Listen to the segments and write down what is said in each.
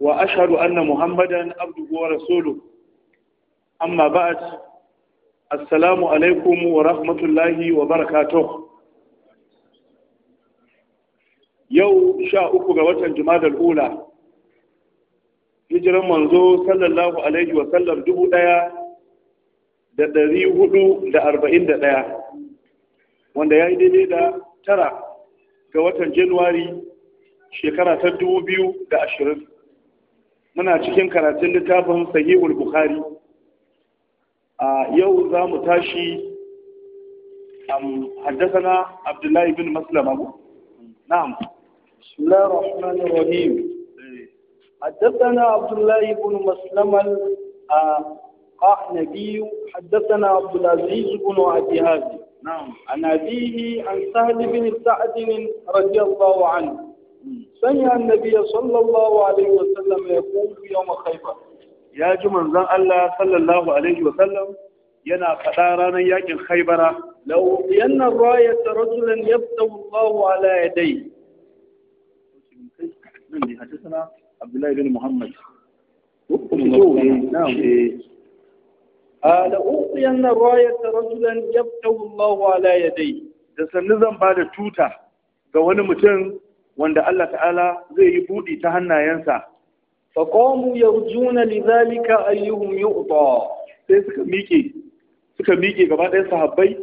wa ashadu anna muhammadan abu wa rasulu amma ba a ci assalamu alaikum wa rahmatullahi wa barakato yau sha uku ga watan jimadar ula hijiran manzo sallallahu alaihi wa sallar dubu daya da dari hudu da arba'in da daya wanda ya yi dide da tara ga watan januwari shekara ta dubu biyu da ashirin muna cikin karatun littafin sahihul bukhari a yau za mu tashi haddasana abdullahi bin maslama ku na'am bismillahir rahmanir rahim حدثنا عبد الله بن مسلم القحنبي حدثنا عبد العزيز بن عدي نعم عن أبيه عن سهل بن سعد رضي الله عنه sanya annabi sallallahu alaihi wa sallam ya kuma yawm khaybar ya ji manzon Allah sallallahu alaihi wa sallam yana faɗa ranar yakin khaybara law yanna rayat rajulan yabtahu Allah ala yadayhi nan ne hadisana Abdullahi bin Muhammad eh, eh. ala uqiyanna rayat da sannu zan da tuta ga wani mutum wanda Allah ta'ala zai yi buɗi ta hannayensa faqamu yarjuna lidhalika ayyuhum yu'ta sai suka miƙe suka miƙe gaba ɗayan sahabbai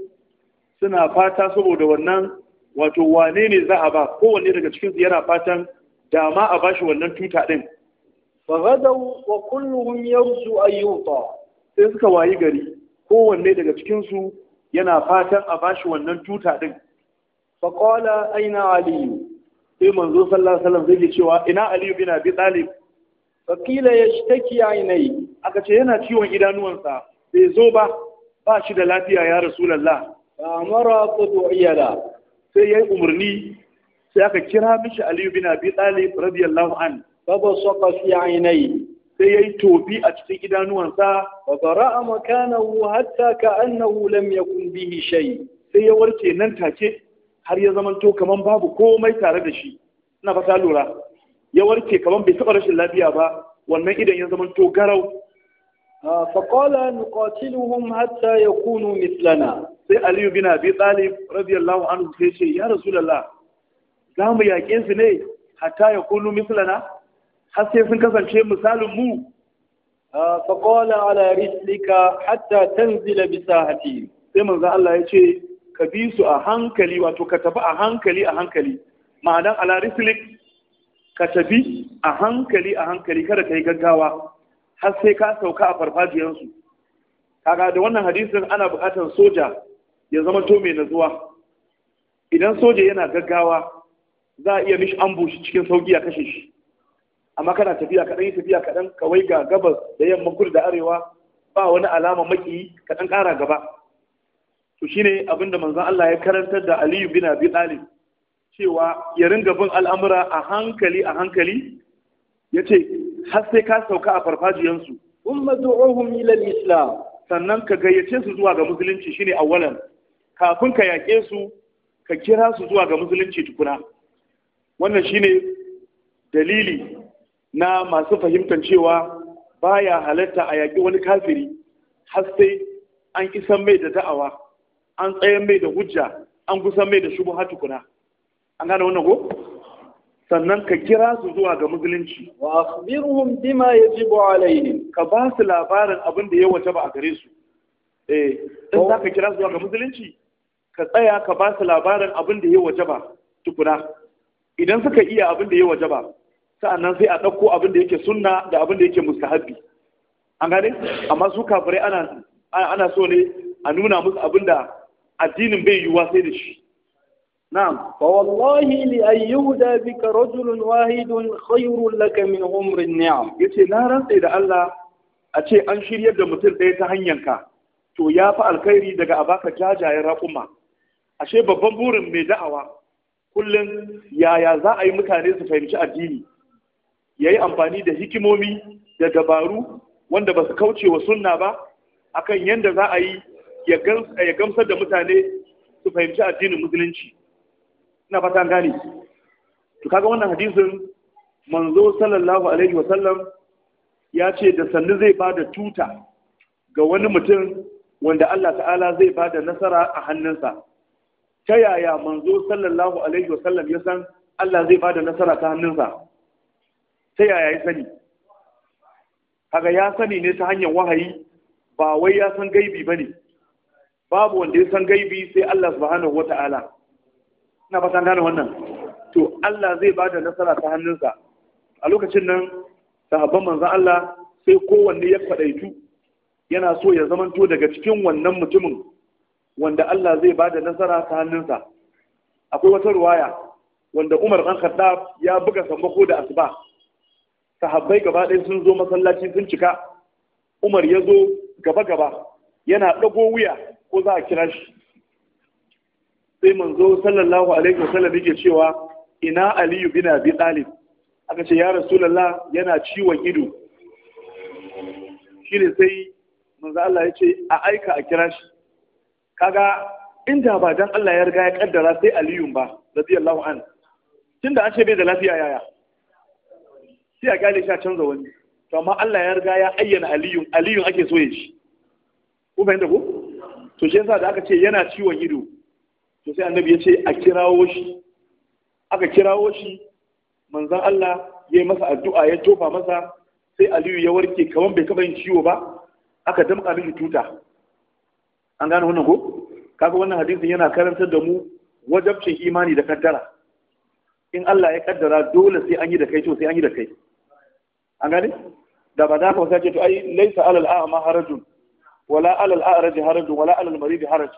suna fata saboda wannan wato wane ne za a ba kowanne daga cikin su yana fatan dama a bashi wannan tuta din faghadaw wa kulluhum yarju ayyuta sai suka wayi gari kowanne daga cikin su yana fatan a bashi wannan tuta din faqala aina aliyu sai manzo sallallahu alaihi wasallam zai cewa ina ali bin abi talib fakila yashtaki ainai aka ce yana ciwon idanuwansa bai zo ba ba shi da lafiya ya rasulullah amara qudiyala sai yayi umarni sai aka kira mishi ali bin abi talib radiyallahu an baba saqa fi ainai sai yayi tofi a cikin idanuwansa a qara'a makanahu hatta ka'annahu lam yakun bihi shay sai ya warke nan take har ya zamanto kaman babu komai tare da shi ina fata lura ya warke kaman bai taba rashin lafiya ba wannan idan ya zamanto garau ah, qala nuqatiluhum hatta yakunu mithlana sai Aliyu bin Abi Talib radiyallahu anhu sai ce ya Rasulullah za mu yaƙe su ne hatta ya kunu har sai sun kasance misalin mu ah, qala ala rislika hatta tanzila bi sahati sai manzo Allah ya ce ka bi su a hankali wato ka tafi a hankali a hankali ma'anar ala ka tafi a hankali a hankali kada ka yi gaggawa har sai ka sauka a farfajiyansu kaga da wannan hadisin ana buƙatar soja ya zama to mai natsuwa idan soja yana gaggawa za a iya mishi ambush cikin sauki a kashe shi amma kana tafiya kaɗan yi tafiya kaɗan kawai ga gabas da yamma kudu da arewa ba wani alama maki kaɗan ƙara gaba to shine abinda manzon Allah ya karantar da Aliyu bin Abi Talib cewa ya ringa bin al'amura a hankali a hankali Ya ce har sai ka sauka a farfajiyansu umma du'uhum ila islam sannan ka gayyace su zuwa ga musulunci shine awwalan kafin ka yaƙe su ka kira su zuwa ga musulunci tukuna wannan shine dalili na masu fahimtar cewa baya halatta a yaƙi wani kafiri har sai an isan mai da da'awa an tsayan mai da hujja an kusan mai da shubuha tukuna an gane wannan ko sannan ka kira su zuwa ga musulunci wa akhbiruhum bima yajibu alaihim ka ba su labarin abin da ya wace ba a gare su eh in zaka kira su zuwa ga musulunci ka tsaya ka ba su labarin abin da ya waje ba tukuna idan suka iya abin da ya waje ba sa'annan sai a ɗauko abin da yake sunna da abin da yake mustahabbi an gane amma su kafirai ana ana so ne a nuna musu abin da addinin bai yiwuwa sai da shi na'am fa wallahi li ayyuda bika rajulun wahidun khayrun laka min umrin ni'am yace na rantsa da Allah a ce an shiryar da mutum ɗaya ta hanyar ka. to ya fi alkhairi daga a baka jajayen raƙuma ashe babban burin mai da'awa kullum yaya za a yi mutane su fahimci addini ya yi amfani da hikimomi da dabaru wanda ba su kauce wa sunna ba akan yadda za a yi ya gamsar da mutane su fahimci addinin musulunci ina fata an gane to kaga wannan hadisin manzo sallallahu alaihi wa sallam ya ce da sannu zai ba da tuta ga wani mutum wanda Allah ta'ala zai ba da nasara a hannunsa ta yaya manzo sallallahu alaihi wa sallam ya san Allah zai ba da nasara ta hannunsa ta yaya ya sani kaga ya sani ne ta hanyar wahayi ba wai ya san gaibi ba ne babu wanda ya san gaibi sai Allah subhanahu wata'ala ina ba san gane wannan to Allah zai bada nasara ta hannunsa a lokacin nan sahabban manzon Allah sai kowanne ya fadaitu yana so ya zamanto daga cikin wannan mutumin wanda Allah zai ba da nasara ta hannunsa akwai wata ruwaya wanda Umar dan Khattab ya buga sammako da asuba sahabbai gaba ɗaya sun zo masallaci sun cika Umar ya zo gaba gaba yana ɗago wuya ko za a kira shi sai manzo sallallahu alaihi wasallam yake cewa ina aliyu bin abi talib aka ce ya rasulullah yana ciwon ido shine sai manzo Allah ya ce a aika a kira shi kaga inda ba dan Allah ya riga ya kaddara sai Aliyu ba radiyallahu an tunda an ce bai da lafiya yaya sai a gane shi a canza wani to amma Allah ya riga ya ayyana Aliyu aliyun ake so ya shi ku fahimta ko to shi yasa da aka ce yana ciwon ido to sai annabi ya ce a kirawo shi aka kirawo shi manzon Allah ya yi masa addu'a ya tofa masa sai Aliyu ya warke kaman bai kaba yin ciwo ba aka damƙa mishi tuta an gane wannan ko kaga wannan hadisin yana karantar da mu wajabcin imani da kaddara in Allah ya kaddara dole sai an yi da kai to sai an yi da kai an gane da ba za ka wasa ce to ai laisa alal a'ma harajun wala alal a'raj haraj wala alal marid haraj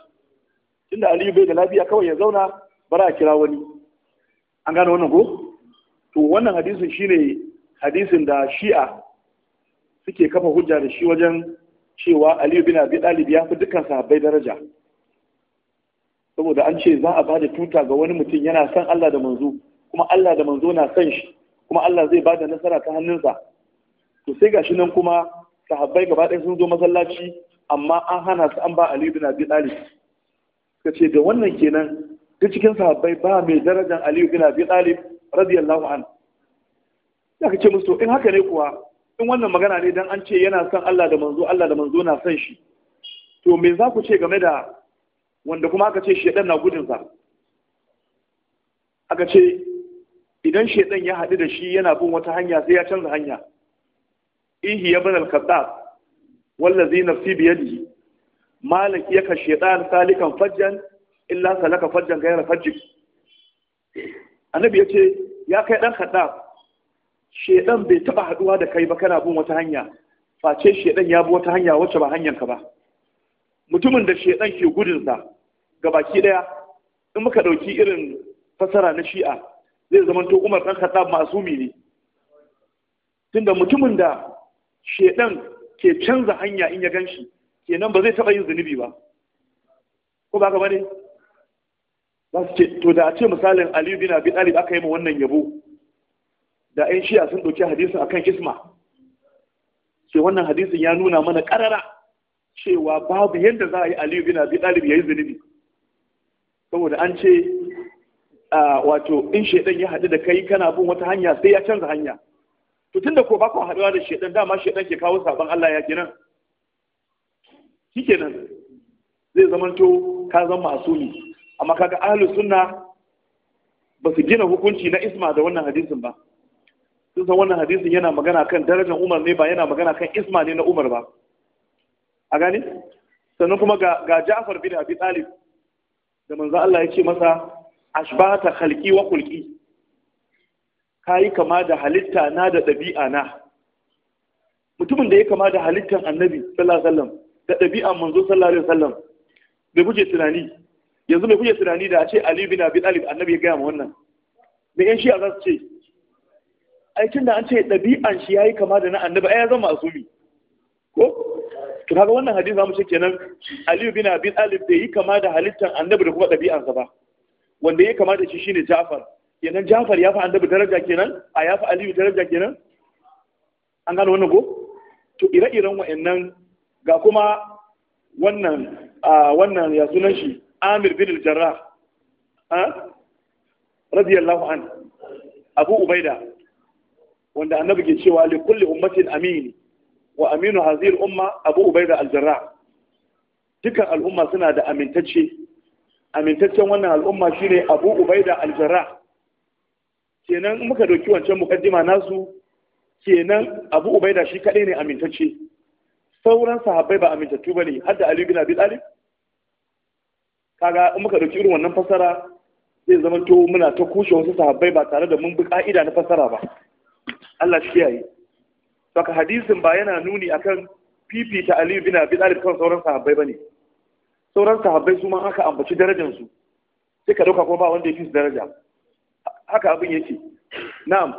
tunda aliyu bai da lafiya kawai ya zauna za a kira wani an gane wannan ko to wannan hadisin shine hadisin da shi'a suke kafa hujja da shi wajen cewa aliyu bin abi dalib ya fi dukkan sahabbai daraja saboda an ce za a ba da tuta ga wani mutum yana son Allah da manzo kuma Allah da manzo na son shi kuma Allah zai bada nasara ta hannunsa to sai gashi nan kuma sahabbai gaba ɗaya sun zo masallaci amma an hana su an ba Ali bin Abi Talib ka ce da wannan kenan duk cikin sahabbai ba mai darajar Ali bin Abi Talib radiyallahu an ya ka musu in haka ne kuwa in wannan magana ne dan an ce yana son Allah da manzo Allah da manzo na son shi to me za ku ce game da wanda kuma aka ce shedan na gudun sa aka ce idan shedan ya haɗu da shi yana bin wata hanya sai ya canza hanya ihi ya bin al-khattab wallazi nafsi biyadihi malik yaka shaytan salikan fajjan illa salaka fajjan ghayra fajjik annabi yace ya kai dan kadda shaytan bai taba haduwa da kai ba kana bin wata hanya face shaytan ya bi wata hanya wacce ba ka ba mutumin da shaytan ke gudun sa gabaki daya in muka dauki irin fasara na shi'a zai zama to Umar dan kadda masumi ne tunda mutumin da shedan ke canza hanya in ya gan shi kenan ba zai taɓa yin zunubi ba ko ba gaba ne Ba su ce to da a ce misalin aliyu bin abi talib aka yi ma wannan yabo da shi shiya sun ɗauki hadisin akan isma ke wannan hadisin ya nuna mana ƙarara cewa babu yadda za a yi aliyu bin abi talib ya yi zunubi saboda an ce wato in shaidan ya haɗu da kai kana bin wata hanya sai ya canza hanya to tunda ko ba ku haɗuwa da shedan dama shedan ke kawo sabon Allah ya kenan shikenan zai zamanta ka zama masumi amma kaga ahlus sunna ba su gina hukunci na isma da wannan hadisin ba sun san wannan hadisin yana magana kan darajar Umar ne ba yana magana kan isma ne na Umar ba a gani sannan kuma ga ga Ja'far bin Abi Talib da manzo Allah ya ce masa ashbata khalqi wa khulqi ka yi kama da halitta na da ɗabi'a na mutumin da ya kama da halittan annabi sallallahu da ɗabi'a manzo sallallahu alaihi wasallam bai kuke tunani yanzu bai kuke tunani da a ce ali bin abi talib annabi ya gaya ma wannan me yan shi a za su ce ai tunda an ce ɗabi'an shi yayi kama da na annabi ai ya zama asumi ko to kaga wannan hadisi zamu ce kenan Ali bin Abi Talib bai yi kama da halittar Annabi da kuma ɗabi'ansa ba wanda ya kama da shi shine Ja'far kenan Jafar ya fi annabi daraja kenan a ya fi Aliyu daraja kenan an gano wannan ko to ire-iren wa'annan ga kuma wannan wannan ya sunan shi Amir bin al-Jarrah radiyallahu an Abu Ubaida wanda annabi ke cewa li kulli ummatin amin wa aminu hazir umma Abu Ubaida al-Jarrah dukkan al'umma suna da amintacce amintaccen wannan al'umma shine Abu Ubaida al-Jarrah kenan muka dauki wancan mukaddima nasu kenan Abu Ubaida shi kadai ne amintacce sauran sahabbai ba amintattu bane har da Ali bin Abi Talib kaga in muka dauki irin wannan fasara zai zama to muna ta kushe wasu sahabbai ba tare da mun bi ka'ida na fasara ba Allah shi yayi saka hadisin ba yana nuni akan fifita Ali bin Abi Talib kan sauran sahabbai bane sauran sahabbai su ma aka ambaci darajar su sai ka dauka kuma ba wanda ya fi daraja haka abin yake na'am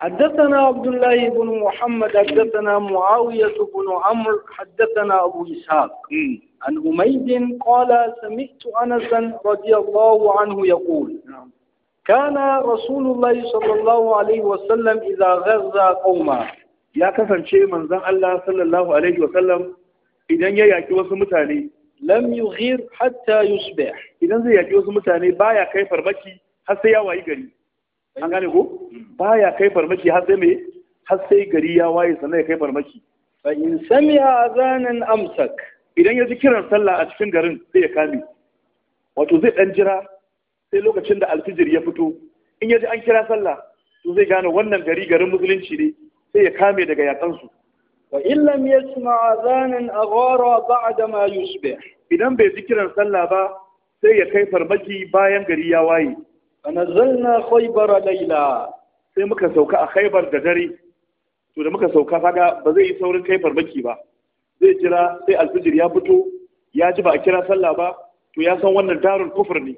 حدثنا عبد الله بن محمد حدثنا معاوية بن عمرو حدثنا أبو إسحاق عن أميد قال سمعت أنسا رضي الله عنه يقول كان رسول الله صلى الله عليه وسلم إذا غزا قوما يا كفن شيء من ذن الله صلى الله عليه وسلم إذا يأتي وسمتاني لم يغير حتى يصبح إذا يأتي وسمتاني بايا كيف ربكي har sai ya wayi gari an gane ko baya kai farmaki har sai me har sai gari ya waye sannan ya kai farmaki fa in sami'a azanan amsak idan ya ji kiran sallah a cikin garin sai ya kame wato zai dan jira sai lokacin da alfijir ya fito in ya ji an kira sallah to zai gane wannan gari garin musulunci ne sai ya kame daga yatsansu wa illam yasma azanan aghara ba'da ma yusbih idan bai ji kiran sallah ba sai ya kai farmaki bayan gari ya waye fanazalna khaybar layla sai muka sauka a khaybar da dare to da muka sauka kaga ba zai yi saurin kai farmaki ba zai jira sai alfijir ya fito ya ji ba a kira sallah ba to ya san wannan darul kufur ne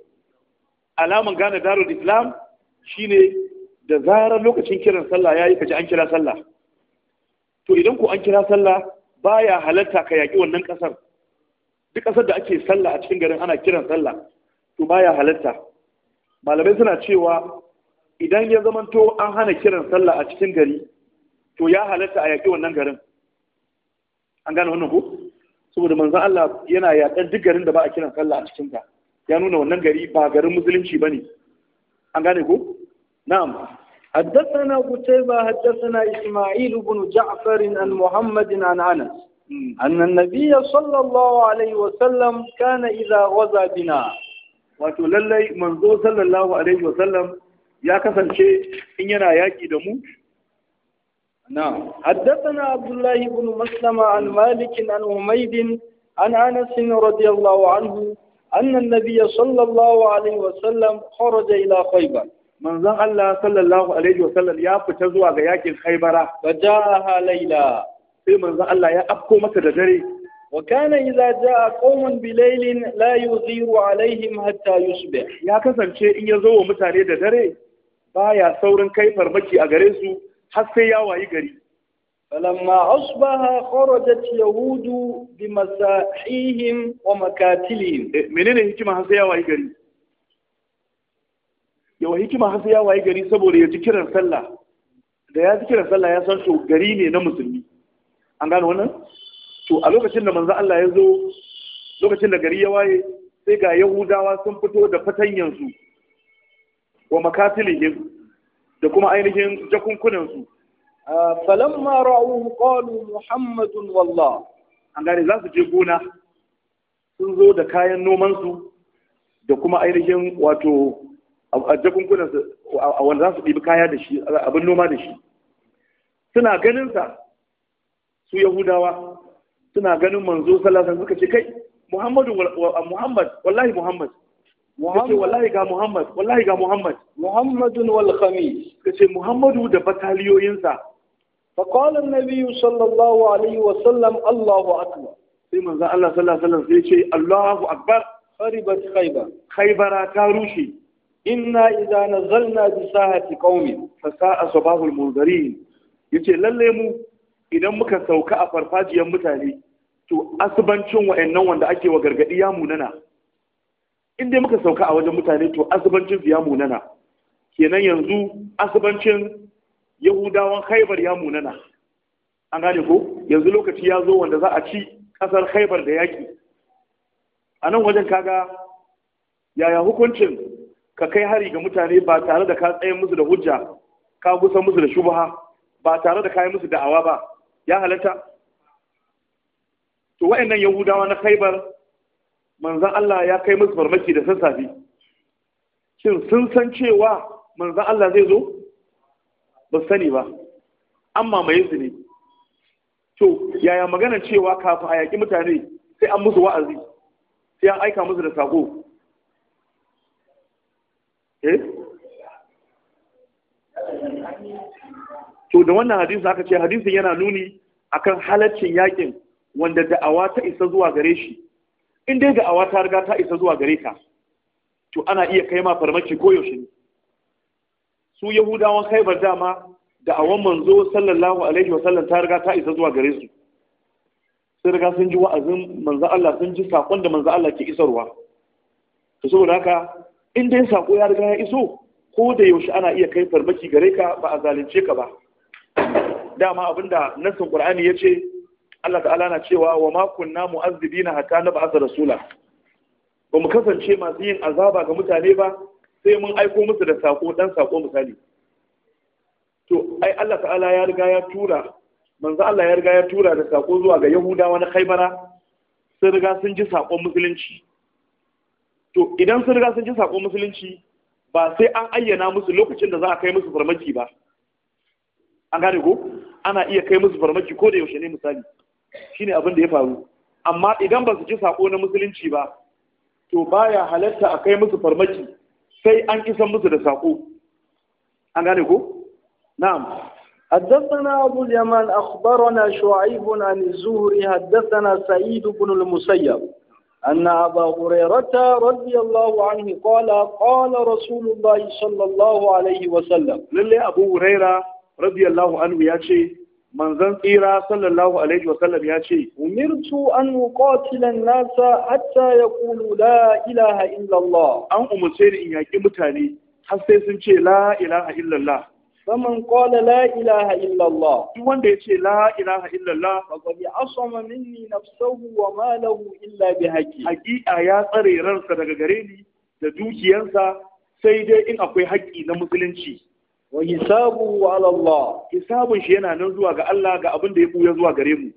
alaman gane darul islam shine da zarar lokacin kiran sallah yayi kaji an kira sallah to idan ku an kira sallah baya halatta ka yaki wannan kasar duk kasar da ake sallah a cikin garin ana kiran sallah to baya halatta malamai suna cewa idan ya zamanto an hana kiran sallah a cikin gari to ya halatta a yaƙi wannan garin an gane wannan ko saboda manzon Allah yana yaƙar duk garin da ba a kiran sallah a cikin ta ya nuna wannan gari ba garin musulunci bane an gane ko na'am حدثنا قتيبة حدثنا إسماعيل بن جعفر عن محمد عن أنس أن النبي صلى الله عليه وسلم كان إذا غزا بنا wato lallai manzo sallallahu alaihi wasallam ya kasance in yana yaki da mu na haddathana abdullahi ibn maslama an malik an humayd an anas radiyallahu anhu anna an-nabiy sallallahu alaihi wasallam kharaja ila khaybar manzon Allah sallallahu alaihi wasallam ya fita zuwa ga yakin khaybara fa jaa laila sai manzon Allah ya afko mata da dare وكان إذا جاء قوم بليل لا يغير عليهم حتى يصبح يا كسر شيء إن يزو متاني دري بايا ثور كيف رمكي أغريسو حتى يا واي غري فلما أصبح خرجت يهود بمساحيهم ومكاتلهم منين هكما حتى يا واي غري yawa hikima har sai ya waye gari saboda ya ji kiran sallah da ya ji kiran sallah ya san to gari ne na musulmi an gano wannan to a lokacin da manzo Allah ya zo lokacin da gari ya waye sai ga yahudawa sun fito da fatanyansu wa makatilihim da kuma ainihin jakunkunansu falamma ra'uhu qalu muhammadun wallah an gane za su je gona sun zo da kayan nomansu da kuma ainihin wato a jakunkunan su a wanda za su ɗibi kaya da shi abin noma da shi suna ganinsa su yahudawa suna ganin manzo sallallahu suka ce kai Muhammadu Muhammad wallahi Muhammad Muhammad wallahi ga Muhammad wallahi ga Muhammad Muhammadun wal khamis kace Muhammadu da bataliyoyinsa fa qala an-nabi sallallahu alaihi wa sallam Allahu akbar sai manzo Allah sallallahu alaihi wa sallam sai ce Allahu akbar kharibat khaybar khaybara ta rushe inna idza nazalna bi sahati qaumin fa sa'a sabahul munzirin yace lalle mu idan muka sauka a farfajiyar mutane to asibancin wa'annan wanda ake wa gargadi ya munana in dai muka sauka a wajen mutane to asibancin su ya munana kenan yanzu asibancin yahudawan haibar ya munana an gane ko yanzu lokaci ya zo wanda za a ci kasar haibar da yaki a nan wajen kaga yaya hukuncin ka kai hari ga mutane ba tare da ka tsaye musu da hujja ka gusa musu da shubha ba tare da kayi musu da'awa ba ya halatta to wa'annan yahudawa na khaibar manzan Allah ya kai musu farmaki da sassafe shin sun san cewa manzan Allah zai zo ba sani ba Amma mai su ne to yaya magana cewa kafin a yaƙi mutane sai an musu wa'azi sai an aika musu da sako eh to da wannan hadisi aka ce hadisin yana nuni akan halaccin yakin wanda da'awa ta isa zuwa gare shi in dai da'awa ta riga ta isa zuwa gare ka to ana iya kai ma farmaki koyaushe ne su yahudawan khaibar dama da'awan manzo sallallahu alaihi sallam ta riga ta isa zuwa gare su sun riga sun ji wa'azin manzo Allah sun ji sakon da manzo Allah ke isarwa to saboda haka in dai sako ya riga ya iso ko da yaushe ana iya kai farmaki gare ka ba a zalunce ka ba dama abinda nassin qur'ani yace Allah ta'ala na cewa wa ma kunna mu'azzibina hatta nab'atha rasula ba mu kasance masu yin azaba ga mutane ba sai mun aiko musu da sako dan sako misali to ai Allah ta'ala ya riga ya tura manzo Allah ya riga ya tura da sako zuwa ga Yahudawa na khaybara sun riga sun ji sakon musulunci to idan sun riga sun ji sakon musulunci ba sai an ayyana musu lokacin da za a kai musu farmaki ba an gane ko ana iya kai musu farmaki ko da yaushe ne misali Shi ne abin da ya faru amma idan ba su ji sako na musulunci ba to baya halatta a kai musu farmaki sai an isan musu da sako an gane ko na'am حدثنا أبو اليمان أخبرنا شعيب عن الزهري حدثنا سعيد بن المسيب أن أبا هريرة رضي الله عنه قال قال رسول الله صلى الله عليه وسلم للي أبو هريرة radiyallahu anhu ya ce manzon tsira sallallahu alaihi wa sallam ya ce umirtu an uqatila nasa hatta yaqulu la ilaha illallah an umarce ni in yaki mutane har sai sun ce la ilaha illallah faman qala la ilaha illallah duk wanda ya ce la ilaha illallah faqad asama minni nafsuhu wa malahu illa bihaqqi haqiqa ya tsare ransa daga gareni da dukiyarsa sai dai in akwai haƙƙi na musulunci wa hisabu ala Allah hisabun shi yana nan zuwa ga Allah ga abin da ya buya zuwa gare mu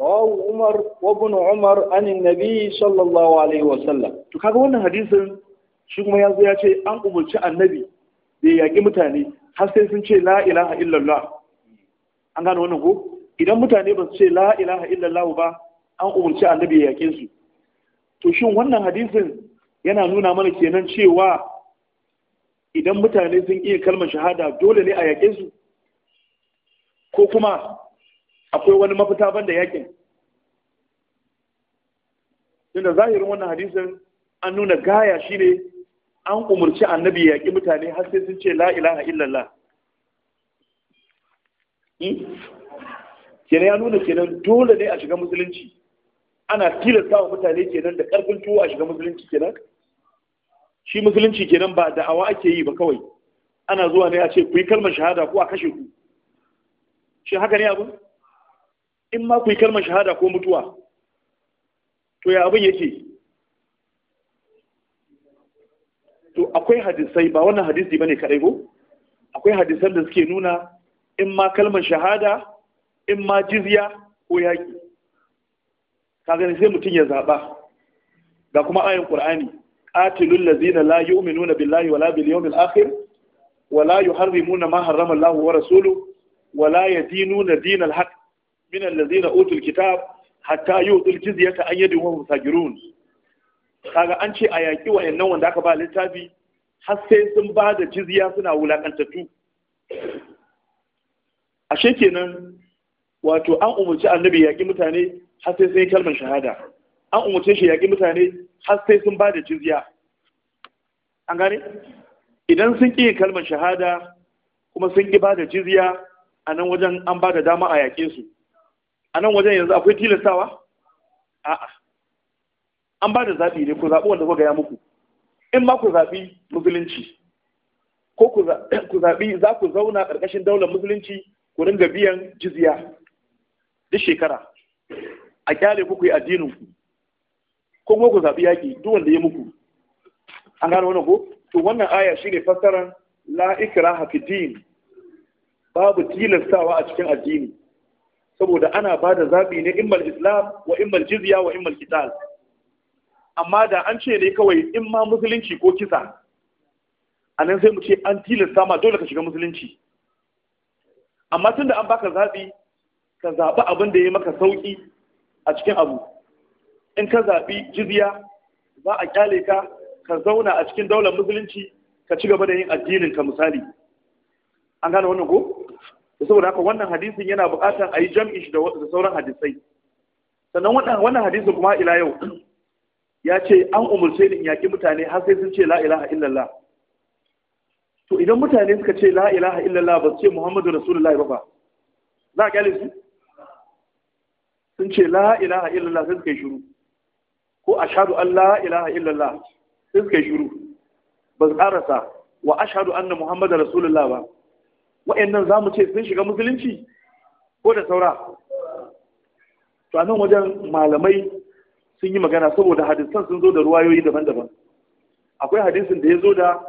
rawu Umar wa ibn Umar an annabi sallallahu alaihi wa sallam to kaga wannan hadisin shi kuma yazo ya ce an umurci annabi da ya yaki mutane har sai sun ce la ilaha illallah an gano wannan ko idan mutane ba su ce la ilaha illallah ba an umurci annabi ya yake su to shin wannan hadisin yana nuna mana kenan cewa idan mutane sun iya kalmar shahada dole ne a yaƙe su ko kuma akwai wani mafita ban da yaƙin inda zahirin wannan hadisin an nuna gaya shine an umarci annabi ya yaƙi mutane har sai sun ce la ilaha illallah hmm? kenan ya nuna kenan dole ne a shiga musulunci ana tilasta wa mutane kenan da ƙarfin tuwo a shiga musulunci kenan shi musulunci kenan ba da'awa ake yi ba kawai ana zuwa ne a ce ku yi kalmar shahada ko a kashe ku shi haka ne abin in ma ku yi kalmar shahada ko mutuwa to ya abin yake to akwai hadisai ba wannan hadisi bane kadai ko akwai hadisan da suke nuna in ma kalmar shahada in ma jizya ko yaki kaga sai mutum ya zaba ga kuma ayin qur'ani qatilul ladzina la yu'minuna billahi wala bil yawmil akhir wala yuharrimuna ma harrama Allah wa rasuluhu wala yadinuna dinal haqq min alladzina utul kitab hatta yu'tul jizyata an sagirun kaga an ce a yaƙi wayannan wanda aka ba littafi har sai sun ba da jizya suna wulaƙantattu ashe kenan wato an umarci annabi yaƙi mutane har sai yi kalmar shahada an umarce shi yaƙi mutane har sai sun ba da jizya an gane idan sun ƙi kalmar shahada kuma sun ƙi ba da jizya a nan wajen an ba da dama a yaƙe su a nan wajen yanzu akwai tilastawa a'a an ba da zaɓi ne ku zaɓi wanda ku gaya muku in ma ku zaɓi musulunci ko ku zaɓi za ku zauna ƙarƙashin daular musulunci ku ringa biyan jizya duk shekara a kyale ku ku yi addinin ku ko kuma ku zaɓi yaƙi duk wanda ya muku an gano wannan ko to wannan aya shine fassaran la ikraha fi din babu tilastawa a cikin addini saboda ana ba da zaɓi ne immal islam wa immal jizya wa immal qital amma da an ce ne kawai in ma musulunci ko kisa a nan sai mu ce an tilasta ma dole ka shiga musulunci amma tunda an baka zaɓi ka zaɓi abin da ya maka sauƙi a cikin abu in ka zaɓi jizya za a kyale ka ka zauna a cikin daular musulunci ka ci gaba da yin addinin ka misali an gane wannan ko saboda haka wannan hadisin yana buƙatar a yi jam'i da sauran hadisai sannan wannan hadisin kuma ila yau ya ce an umarce ni in yaƙi mutane har sai sun ce la ilaha illallah to idan mutane suka ce la ilaha illallah ba su ce muhammadu rasulullahi ba ba za a kyale su sun ce la ilaha illallah sai suka yi shiru ko ashadu an la ilaha illallah sai suka yi shiru ba su karasa wa na muhammad da rasulullah ba wa'annan za mu ce sun shiga musulunci ko da saura to anan wajen malamai sun yi magana saboda hadisan sun zo da ruwayoyi daban-daban akwai hadisin da ya zo da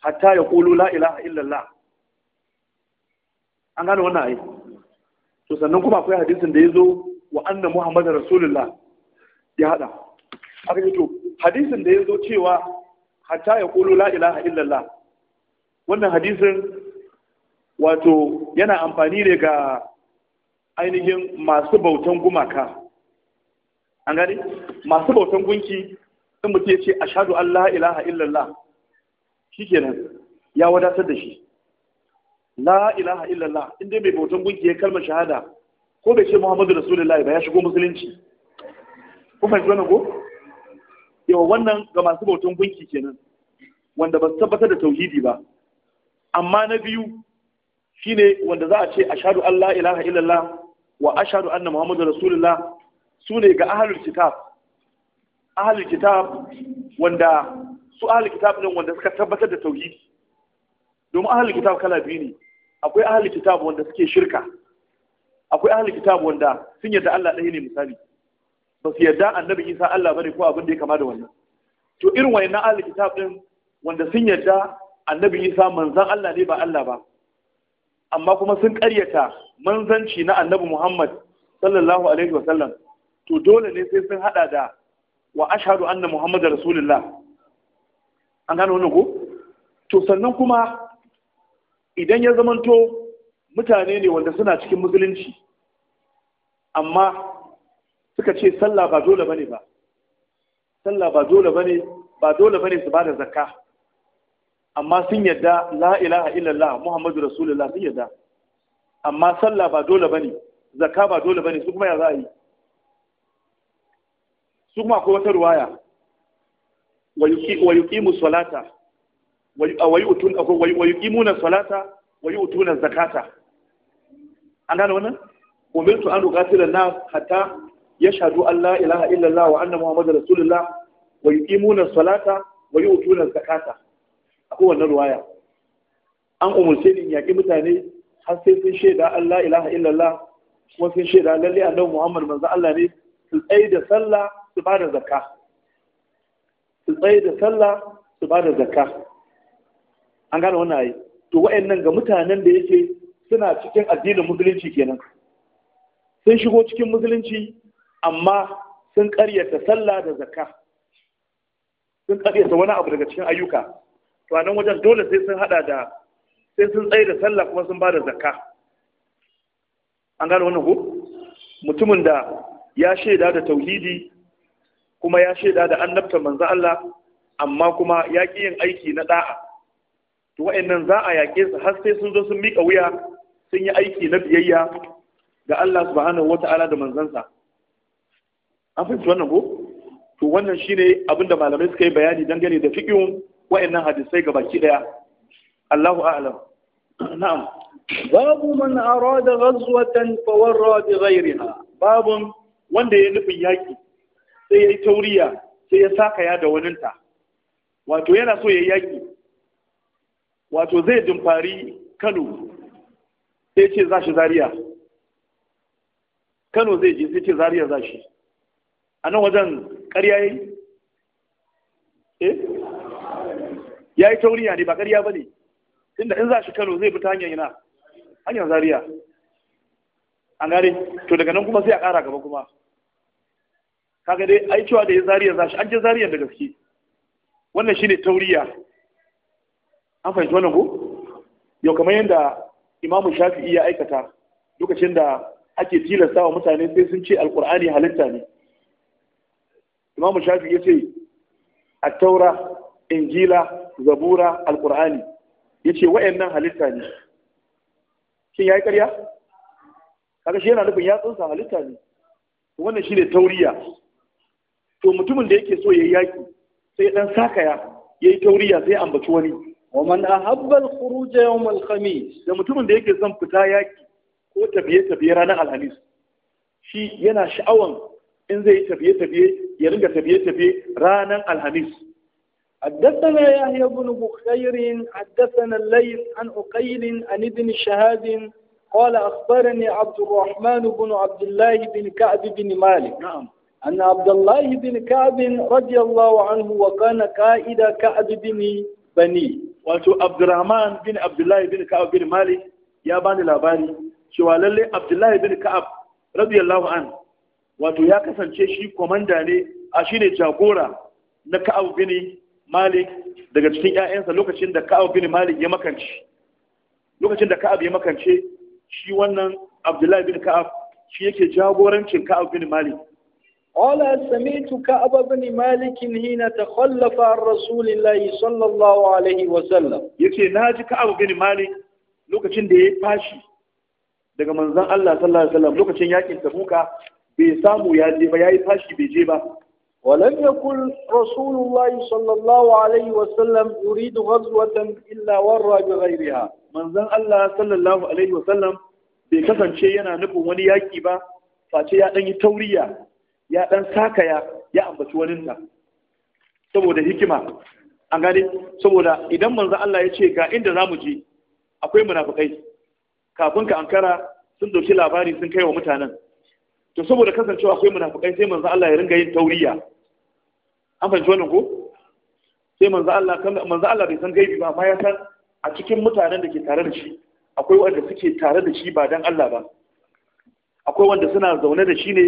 hatta ya kulu la ilaha illallah an gane wannan ai to sannan kuma akwai hadisin da ya zo wa anna Muhammadu rasulullah ya hada aka yi to hadisin da ya zo cewa hatta ya kulu la ilaha illallah wannan hadisin wato yana amfani ne ga ainihin masu bautan gumaka an gani masu bautan gunki in mutum ya ce a an la ilaha illallah nan, ya wadatar da shi la ilaha illallah inda mai bautan gunki ya kalmar shahada ko bai ce muhammadu rasulullahi ba ya shigo musulunci kun fahimci wannan ko yawa wannan ga masu bautan gunki kenan wanda ba su tabbatar da tauhidi ba amma na biyu shine wanda za a ce ashadu Allah la ilaha illallah wa ashadu anna muhammadu rasulullah su ne ga ahalul kitab ahalul kitab wanda su ahalul kitab ne wanda suka tabbatar da tauhidi domin ahalul kitab kala biyu ne akwai ahalul kitab wanda suke shirka akwai ahalul kitab wanda sun yarda Allah ɗaya ne misali ba su yarda annabi isa Allah bane ko abin da ya kama da wannan to irin wayannan ahli kitab din wanda sun yarda annabi isa manzan Allah ne ba Allah ba amma kuma sun karyata manzanci na annabi Muhammad sallallahu alaihi wasallam to dole ne sai sun hada da wa ashhadu anna muhammadar rasulullah an gano wannan ko to sannan kuma idan ya zamanto mutane ne wanda suna cikin musulunci amma suka ce sallah ba dole bane ba sallah ba dole bane ba dole bane su bada zakka amma sun yadda la ilaha illallah muhammadu rasulullah sun yadda amma sallah ba dole bane zakka ba dole bane su kuma ya za a yi su kuma akwai wata ruwaya wa yuqimu salata wa yu'tun wa yuqimuna salata wa yu'tuna zakata an gane wannan umirtu an uqatila nas hatta yashhadu an la ilaha illallah wa anna muhammadar rasulullah wa yuqimuna salata wa yu'tuna zakata akwai wannan ruwaya an umurce ni yaƙi mutane har sai sun shaida an la illa Allah, kuma sun shaida lalle annabi muhammad manzo Allah ne su tsaye da sallah su bada zakka su tsaye sallah su ba zakka an gane wannan ayi to wa'annan ga mutanen da yake suna cikin addinin musulunci kenan sun shigo cikin musulunci amma sun karyata sallah da zakka sun karyata wani abu daga cikin ayyuka to anan nan wajen dole sai sun hada da sai sun tsaye da sallah kuma sun ba da zakka an gane wannan ko mutumin da ya shaida da tauhidi kuma ya shaida da annabta manzo Allah amma kuma ya ƙi yin aiki na da'a to wa'annan za a yake su har sai sun zo sun mika wuya sun yi aiki na biyayya ga Allah subhanahu wata'ala da manzansa an fahimci wannan ko to wannan shine abin da malamai suka yi bayani dangane da fiqhun wa'annan hadisai gabaki daya Allahu a'lam na'am babu man arada ghazwatan warra bi ghayriha Babu wanda ya nufin yaki sai ya yi tauriya sai ya saka ya da waninta wato yana so ya yi yaki wato zai dumfari Kano sai ce za shi Zaria Kano zai je sai ce Zaria za shi a nan wajen ƙarya ya yi eh ya yi tauriya ne ba ƙarya ba ne tunda in za shi kano zai fita hanyar yana hanyar Zariya. an gare, to daga nan kuma sai a ƙara gaba kuma kaga dai ai cewa da ya zariya za shi an je zariyar da gaske wannan shine tauriya an fahimci wannan ko yau kamar yadda imamu shafi'i ya aikata lokacin da ake tilasta wa mutane sai sun ce alkur'ani halitta ne imamu shafi ya ce a taura injila zabura alkur'ani ya ce wa'annan halitta ne shin ya yi karya? kaga shi yana nufin ya tsunsa halitta ne wannan shi ne tauriya to mutumin da yake so ya yi yaki sai dan sakaya ya yi tauriya sai ambaci wani ومن أحب الخروج يوم الخميس da mutumin da yake son fita yaki ko tafiye tafiye ranar alhamis shi yana sha'awan in zai yi tafiye-tafiye ya ringa tafiye-tafiye ranar alhamis حدثنا يحيى بن بخير حدثنا الليث عن عقيل عن ابن شهاد قال أخبرني عبد الرحمن بن عبد الله بن كعب بن مالك نعم أن عبد الله بن كعب رضي الله عنه وكان قائد كعب بن بني bin Abdullahi bin Ka'ab bin Malik ya bani labari cewa lalle Abdullahi bin Ka'ab radiyallahu an wato ya kasance shi komanda ne a shi ne jagora na ka'ab bin malik daga cikin 'ya'yansa lokacin da ka'ab bin malik ya makance lokacin da ka'ab ya makance shi wannan abdullahi bin ka'ab shi yake jagorancin ka'ab bin malik قال سمعت كعب بن مالك حين تخلف عن رسول sallallahu alaihi الله عليه وسلم يكي ناجي كعب malik lokacin da ya fashi daga manzon Allah sallallahu alaihi wasallam lokacin yakin Tabuka bai samu ya je ba ya yi fashi bai je ba ولم يكن رسول الله صلى الله عليه وسلم يريد غزوة إلا ورى بغيرها من ذن الله صلى الله عليه وسلم بكثن شيء نبو وني يكيبا فأتي أن يتوريا يا أن ساكيا يا أن بتوانينا saboda hikima an gane saboda idan manzon Allah ya ce ga inda zamu je akwai munafikai kafin ka ankara sun dauki labari sun kai wa mutanen to saboda kasancewa akwai munafukai sai manzo Allah ya ringa yin tauriya an fahimci wannan ko sai manzo Allah manzo Allah bai san gaibi ba amma ya san a cikin mutanen da ke tare da shi akwai wanda suke tare da shi ba dan Allah ba akwai wanda suna zaune da shi ne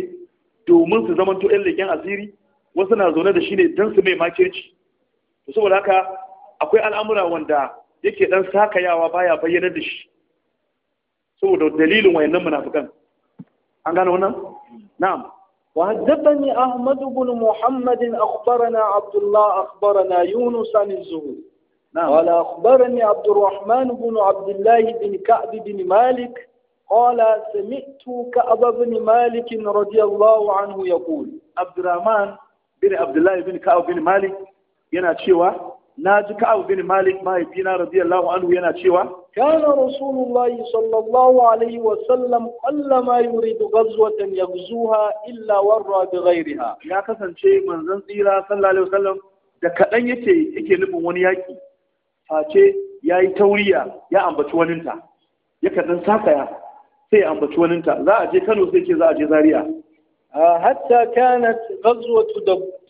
domin su zama to leƙen asiri wasu na zaune da shi ne dan su mai makirci to saboda haka akwai al'amura wanda yake dan sakayawa baya bayyana da shi saboda dalilin wayannan munafukan an gano wannan na'am wa haddathani ahmad ibn muhammad akhbarana abdullah akhbarana yunus an zuhri na'am wa akhbarani abdurrahman ibn abdullah ibn ka'b ibn malik قال سمعت كعب بن مالك رضي الله عنه يقول عبد الرحمن بن عبد الله بن كعب بن مالك ينا تشيوا na ji ka'ab bin malik mahaifina radiyallahu anhu yana cewa kana rasulullahi sallallahu alaihi wa sallam qalla ma yuridu ghazwatan yaghzuha illa warra bi ghayriha ya kasance manzon tsira sallallahu alaihi wasallam da kadan yake yake nufin wani yaki face yi tauriya ya ambaci waninta ya kadan sakaya sai ya ambaci waninta za a je Kano sai ce za a je Zaria hatta kanat ghazwatu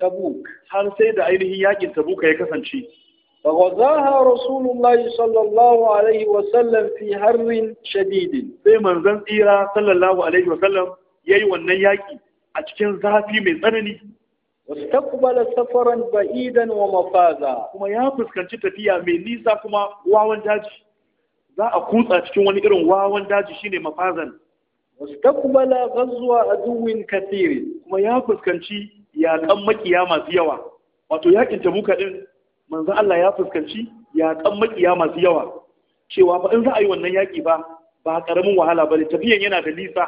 tabuk har sai da ainihin yakin tabuk ya kasance fa ghazaha rasulullah sallallahu alaihi wa sallam fi harrin shadid sai manzon tsira sallallahu alaihi wa sallam yayi wannan yaki a cikin zafi mai tsanani واستقبل سفرا بعيدا ومفازا kuma ya fuskanci tafiya mai nisa kuma wawan daji za a kutsa cikin wani irin wawan daji shine mafazan wastaqbala ghazwa aduwin kathir kuma ya fuskanci kan makiya masu yawa wato yaƙin tabuka din manzo Allah ya fuskanci yaƙan makiya masu yawa cewa ba in za a yi wannan yaki ba ba ƙaramin wahala bane tafiyan yana da nisa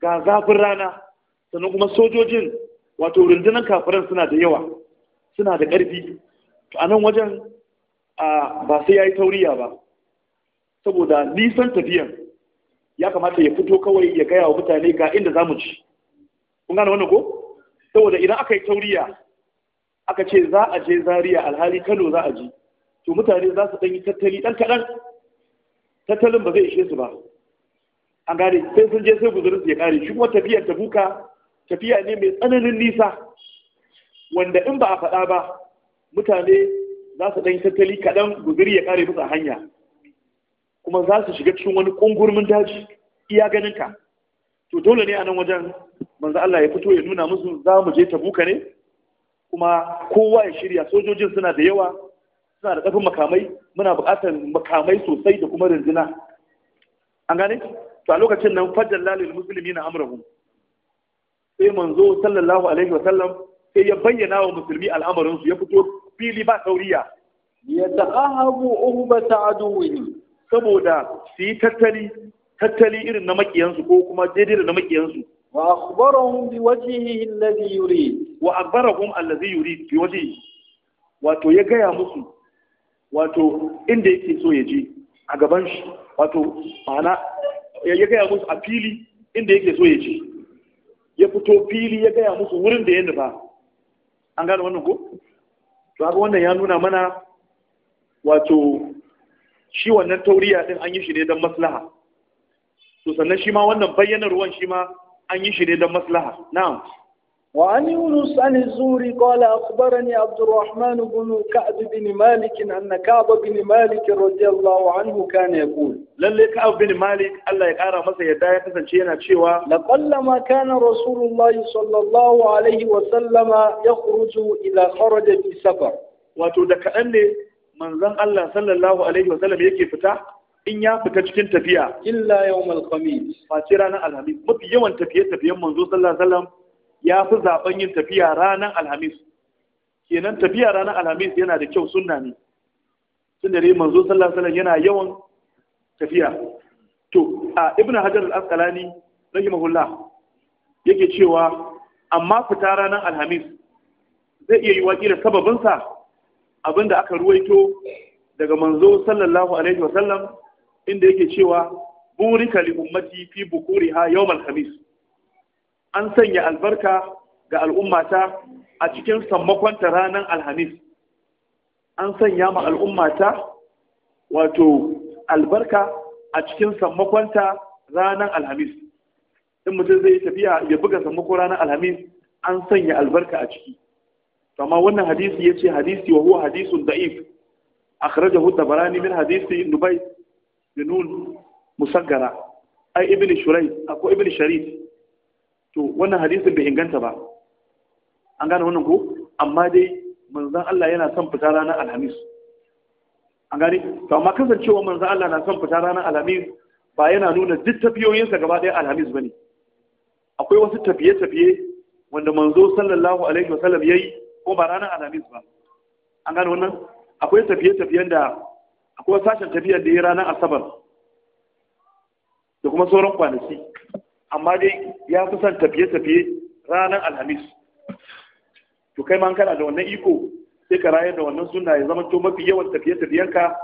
ga zafin rana sannan kuma sojojin wato rundunar kafiran suna da yawa suna da ƙarfi to a nan wajen ba sai ya yi tauriya ba saboda nisan tafiyan ya kamata ya fito kawai ya gaya wa mutane ga inda za mu ci kun gane wannan ko saboda idan aka yi tauriya aka ce za a je Zariya alhali kano za a ji to mutane za su ɗan yi tattali ɗan kaɗan tattalin ba zai ishe su ba an gane sai sun je sai guzurin su ya ƙare, shi kuma tafiyar buka tafiya ne mai tsananin nisa wanda in ba a faɗa ba mutane za su ɗan tattali kaɗan guzuri ya ƙare musu a hanya kuma za su shiga cikin wani kungurmin daji iya ganinka to dole ne a nan wajen manzo Allah ya fito ya nuna musu za mu je tabuka ne kuma kowa ya shirya sojojin suna da yawa suna da ƙarfin makamai muna buƙatar makamai sosai da kuma rinjina an gane to a lokacin nan fajjar lalil musulmi na amrahu sai manzo sallallahu alaihi wa sallam sai ya bayyana wa musulmi al'amarin su ya fito fili ba tauriya ya ta'ahabu uhbata aduwini saboda su yi tattali tattali irin na makiyansu ko kuma daidai da na makiyansu wa akhbarahum bi wajhihi alladhi yurid wa akhbarahum alladhi yurid bi wajhihi wato ya gaya musu wato inda yake so ya je a gaban shi wato ma'ana ya gaya musu a fili inda yake so ya je ya fito fili ya gaya musu wurin da ya nufa an gane wannan ko to haka wannan ya nuna mana wato shi wannan tauriya din an yi shi ne don maslaha to sannan shi wannan bayyanarwan shi ma an yi shi ne don maslaha na'am wa an yunus an zuri qala akhbarani abdurrahman ibn ka'b bin malik an ka'b bin malik radiyallahu anhu kana yaqul lalle bin malik Allah ya kara masa yadda ya kasance yana cewa la qallama kana rasulullahi sallallahu alaihi wa sallama yakhruju ila kharaja safar wato da kaɗan ne manzon Allah sallallahu alaihi wa sallam yake fita in ya fita cikin tafiya illa yawmal khamis face ranar alhamis mafi yawan tafiye tafiyen manzo sallallahu alaihi wa sallam ya fi zaben yin tafiya ranar alhamis kenan tafiya ranar alhamis yana da kyau sunna ne tunda dai manzo sallallahu alaihi wa sallam yana yawan tafiya to a ibnu hajar al-asqalani rahimahullah yake cewa amma fita ranar alhamis zai iya yi wakilin sababinsa Abin da aka ruwaito daga manzo sallallahu alaihi wa sallam inda yake cewa burika li ummati fi bukuriha yawmal khamis an sanya albarka ga al'ummata a cikin sammakonta ranar alhamis an sanya ma al'ummata wato albarka a cikin sammakonta ranar alhamis in mutum zai tafiya ya buga sammakon ranar alhamis an sanya albarka a ciki amma wannan hadisi ya ce hadisi حديث ضعيف hadisun da'if من حديث min hadisi nubay binun ابن ai ibn shurai akwai ibn ون to wannan hadisin bai inganta ba an gane wannan الله amma dai Allah yana son fita ranar alhamis an gane to amma kasancewa manzon Allah na son fita ranar alhamis ba yana nuna duk tafiyoyinsa gaba ɗaya alhamis ba ne. akwai wasu tafiye-tafiye wanda manzo sallallahu alaihi wasallam yayi ko ba ranar alhamis ba an gano wannan akwai tafiye-tafiyen da akwai sashen tafiyar da ya ranar asabar da kuma sauran kwanaki amma dai ya fi son tafiye-tafiye ranar alhamis to kai ma kana da wannan iko sai ka rayar da wannan suna ya zama to mafi yawan tafiye-tafiyenka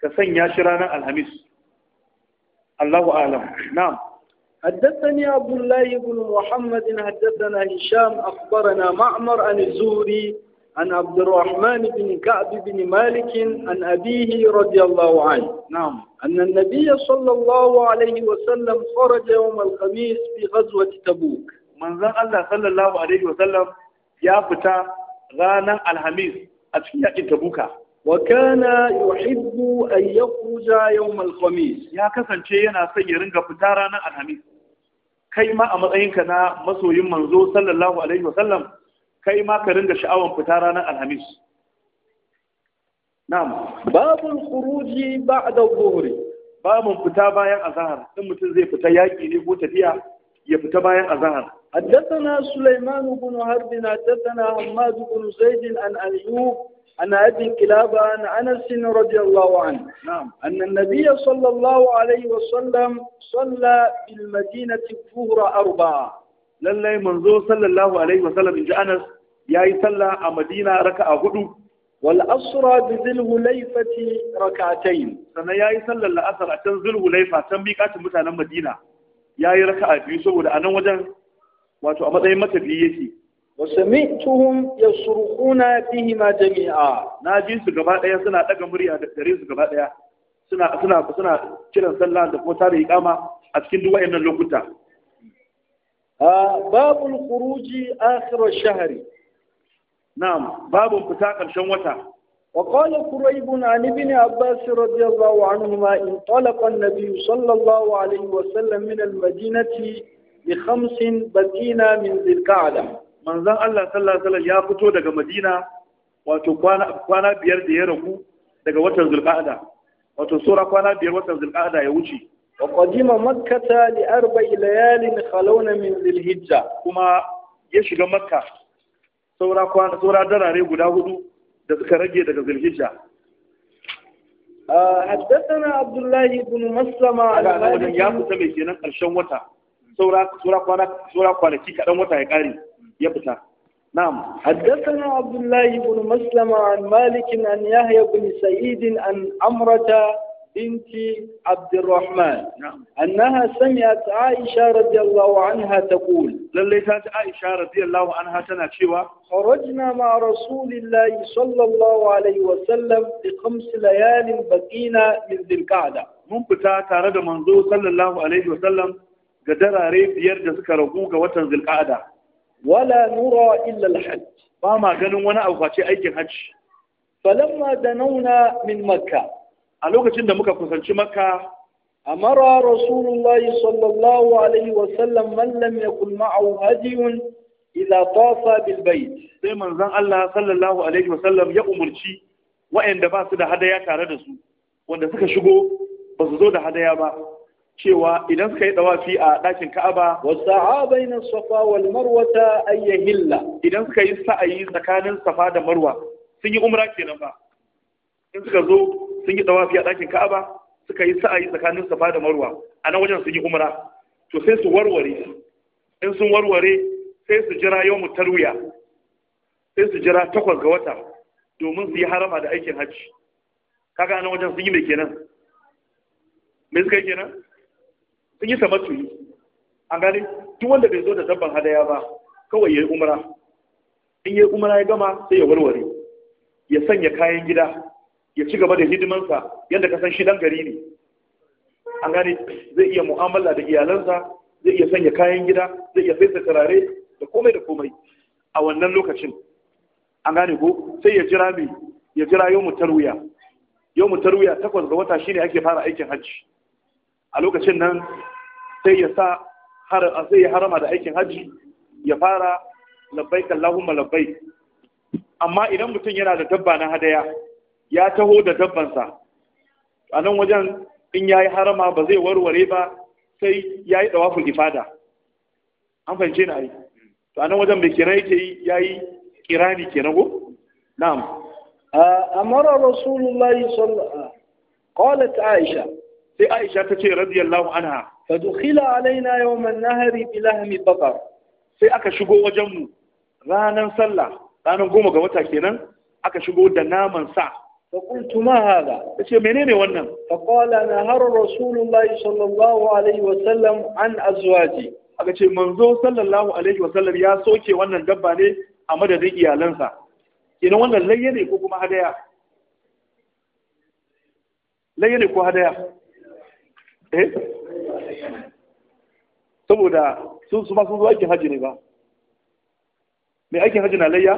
ka sanya shi ranar alhamis Allahu alam na'am حدثني عبد الله بن محمد حدثنا هشام أخبرنا معمر عن الزهري عن عبد الرحمن بن كعب بن مالك عن أبيه رضي الله عنه نعم أن النبي صلى الله عليه وسلم خرج يوم الخميس في غزوة تبوك من ذا الله صلى الله عليه وسلم يا فتا غانا الخميس أتفيا تبوكا وكان يحب أن يخرج يوم الخميس يا كسن ya ringa fita قفتارانا alhamis. kai ma a matsayinka na masoyin manzo sallallahu alaihi wa sallam! kai ma ka ringa sha'awan fita ranar alhamis na'am babul khuruji ba'da dhuhri Babu fita bayan azhar din mutum zai fita yaki ne ko tafiya ya fita bayan azhar حدثنا سليمان بن حرب حدثنا حماد بن زيد عن ايوب عن أبي كلابة عن أنس رضي الله عنه نعم أن النبي صلى الله عليه وسلم صلى بالمدينة الظهر أربعة lallai manzo sallallahu alaihi wasallam inji Anas yayi sallah a Madina raka'a hudu wal asra bi dhil hulayfati rak'atayn sannan yayi sallar la'asar a can dhil hulayfa can miƙatin mutanen Madina yayi raka'a biyu saboda anan wajen wato a matsayin matafi yake وسمعتهم يصرخون بهما جميعا ناجي su gaba daya suna daga murya da dare su gaba daya suna suna suna kiran sallah da kuma tare iqama a cikin duk wayannan lokuta babul khuruji akhir ash-shahr na'am babun fita karshen wata وقال قريب عن ابن عباس رضي الله عنهما انطلق النبي صلى الله min al-madinati bi بخمس بقينا من ذي القعدة manzon Allah sallallahu alaihi wasallam ya fito daga Madina wato kwana biyar da ya ragu daga watan Zulqa'ada wato sura kwana biyar watan Zulqa'ada ya wuce wa qadima makkata li arba'i layalin khalawna min Zulhijja kuma ya shiga Makka saura kwana saura darare guda hudu da suka rage daga Zulhijja حدثنا عبد الله بن مسلمة على ya fita mai kenan ƙarshen wata saura kwanaki kaɗan wata ya ƙare ya fita نعم حدثنا عبد الله بن مسلم عن مالك عن يحيى بن سعيد عن أمرة بنت عبد الرحمن نعم. أنها سمعت عائشة رضي الله عنها تقول لليتات عائشة رضي الله عنها تنشوى خرجنا مع رسول الله صلى الله عليه وسلم لخمس ليال بقينا من ذي القعدة من بتا تارد منظور صلى الله عليه وسلم قدر ريب يرجز كرهوك وتنزل القعدة wala nura illa alhajj ba ma ganin wani abu face aikin hajji falamma nauna min makka a lokacin da muka kusanci makka amara rasulullahi sallallahu alaihi wa sallam man lam yakun ma'ahu hadiyun idza tafa bil sai manzon Allah sallallahu alaihi wa sallam ya umurci wa'anda ba su da hadaya tare da su wanda suka shigo ba su zo da hadaya ba cewa idan suka yi dawafi a ɗakin Ka'aba wasa'a bainas safa wal marwa ta hilla idan suka yi sa'ayi tsakanin safa da marwa sun yi umra kenan ba in suka zo sun yi dawafi a ɗakin Ka'aba suka yi sa'ayi tsakanin safa da marwa a nan wajen sun yi umra to sai su warware in sun warware sai su jira mu tarwiya sai su jira takwas ga wata domin su yi harama da aikin hajji kaga a nan wajen sun yi mai kenan me suka yi kenan sun yi tamattu'i an gani duk wanda bai zo da dabban hadaya ba kawai ya yi umara. in ya yi umara ya gama sai ya warware ya sanya kayan gida ya ci gaba da hidimansa yadda ka san shi dan gari ne an gani zai iya mu'amala da iyalansa zai iya sanya kayan gida zai iya fesa turare da komai da komai a wannan lokacin an gane ko sai ya jira mai ya jira yau mu tarwiya yau mu tarwiya takwas ga wata shine ake fara aikin hajji a lokacin nan sai ya sa sai ya harama da aikin hajji ya fara labbaik Allahumma labbai amma idan mutum yana da dabba na hadaya ya taho da dabbansa a nan wajen in ya yi harama ba zai warware ba sai ya yi ɗawafin ifada an fahimce na yi to a nan wajen mai kira yake yi ya yi kirani kenan ko na'am amara rasulullahi sallallahu alaihi wasallam qalat aisha sai Aisha ta ce radiyallahu anha fa alaina yawm nahri bi lahmi baqar sai aka shigo wajen mu ranan sallah ranan goma ga wata kenan aka shigo da naman sa fa qultu ma hada tace menene wannan fa qala nahar rasulullahi sallallahu alaihi wa sallam an azwaji aka ce manzo sallallahu alaihi wa sallam ya soke wannan dabba ne a madadin iyalansa kenan wannan layya ne ko kuma hadaya layya ne ko hadaya Eh? saboda sun su masu sun zo aikin hajji ne ba mai aikin hajji na layya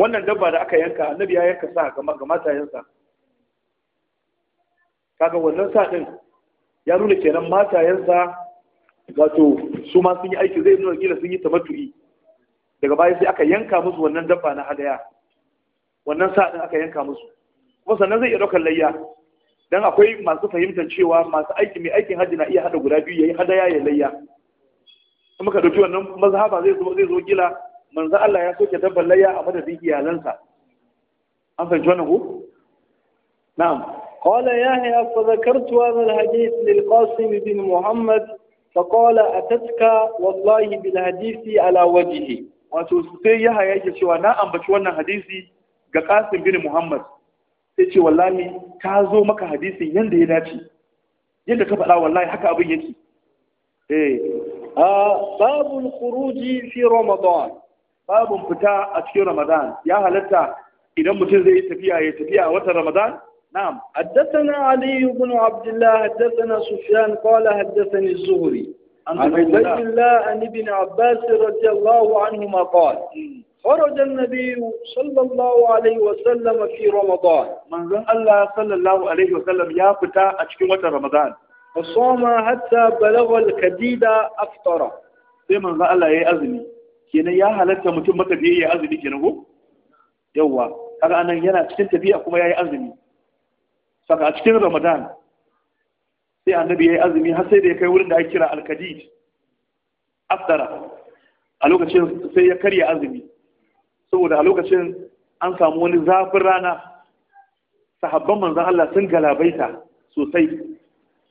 wannan dabba da aka yanka annabi ya yanka sa ga matayensa kaga wannan sa din ya nuna kenan matayensa wato su ma sun yi aiki zai nuna kila sun yi tamattu'i daga baya sai aka yanka musu wannan dabba na hadaya wannan sa din aka yanka musu kuma sannan zai iya ɗaukar layya dan akwai masu fahimtar cewa masu aiki mai aikin hajji na iya hada guda biyu yayi hadaya ya layya kuma muka dauki wannan mazhaba zai zo zai zo gila manzo Allah ya soke dabbar layya a madadin iyalansa an san wannan ko na'am qala ya fa zakartu hadha alhadith lil qasim bin muhammad fa qala atatka wallahi bil hadithi ala wajhi wato sai yahya yake cewa na ambaci wannan hadisi ga qasim bin muhammad sai ce wallahi ka zo maka hadisin yanda ya dace yanda ka faɗa wallahi haka abin yake eh babul khuruji fi ramadan babun fita a cikin ramadan ya halatta idan mutum zai tafiya ya tafiya a watan ramadan na'am حدثنا ali ibn abdullah الله sufyan qala قال zuhri عن عبد الله عن ابن عباس رضي الله عنهما قال خرج النبي صلى الله عليه وسلم في رمضان من ذن الله صلى الله عليه وسلم يا فتا أشكي رمضان فصام حتى بلغ الكديدة أفطر sai manzo Allah yayi azumi kenan ya halatta mutum matafiya yayi azumi kenan ko yawa kaga anan yana cikin tafiya kuma yayi azumi saka a cikin Ramadan sai annabi yayi azumi har sai da ya kai wurin da ake kira al-kadid aftara a lokacin sai ya karya azumi saboda a lokacin an samu wani zafin rana sahabban manzan Allah sun galabaita sosai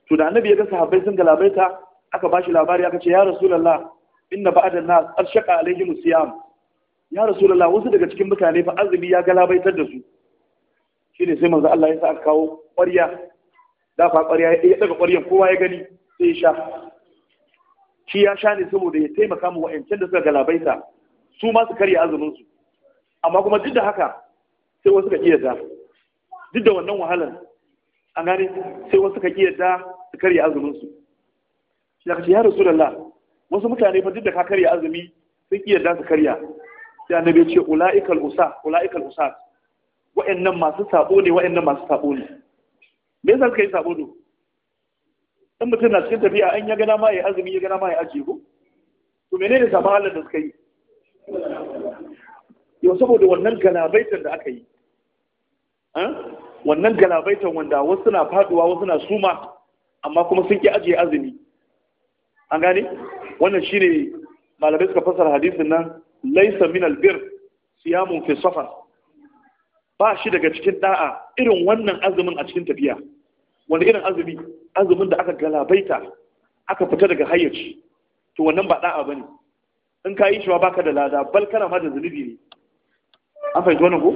to da annabi ya ga sahabbai sun galabaita aka bashi labari aka ce ya rasulullah inna ba'da nas arshaka alayhi musiyam ya rasulullah wasu daga cikin mutane fa azumi ya galabaitar da su shine sai manzan Allah ya sa aka kawo ƙwarya da fa ƙwarya ya daga ƙwaryan kowa ya gani sai ya sha shi ya sha ne saboda ya taimaka mu wa'ancan da suka galabaita su ma su karya azumin su amma kuma duk da haka sai wasu ka kiyarda duk da wannan wahalar an gane sai wasu ka da su karya azumin su shi aka ce ya rasulullah wasu mutane fa duk da ka karya azumi sun da su karya sai annabi ya ce ulaikal usa ulaikal usa wa'annan masu sabo ne wa'annan masu sabo ne me yasa suka yi sabo do dan mutum na cikin tafiya an ya ga ma ya azumi ya ga ma ya ajiye ko to menene sabon Allah da suka yi yau saboda wannan galabaitan da aka yi wannan galabaitan wanda wasu na faduwa wasu na suma amma kuma sun ki ajiye azumi an gane wannan shine malamai suka fasara hadisin nan laisa min albir siyamun fi safar ba shi daga cikin da'a irin wannan azumin a cikin tafiya wanda irin azumi azumin da aka galabaita aka fita daga hayyaci to wannan ba da'a bane in ka yi shi ba baka da lada bal kana ma da zunubi ne an fahimci wannan ko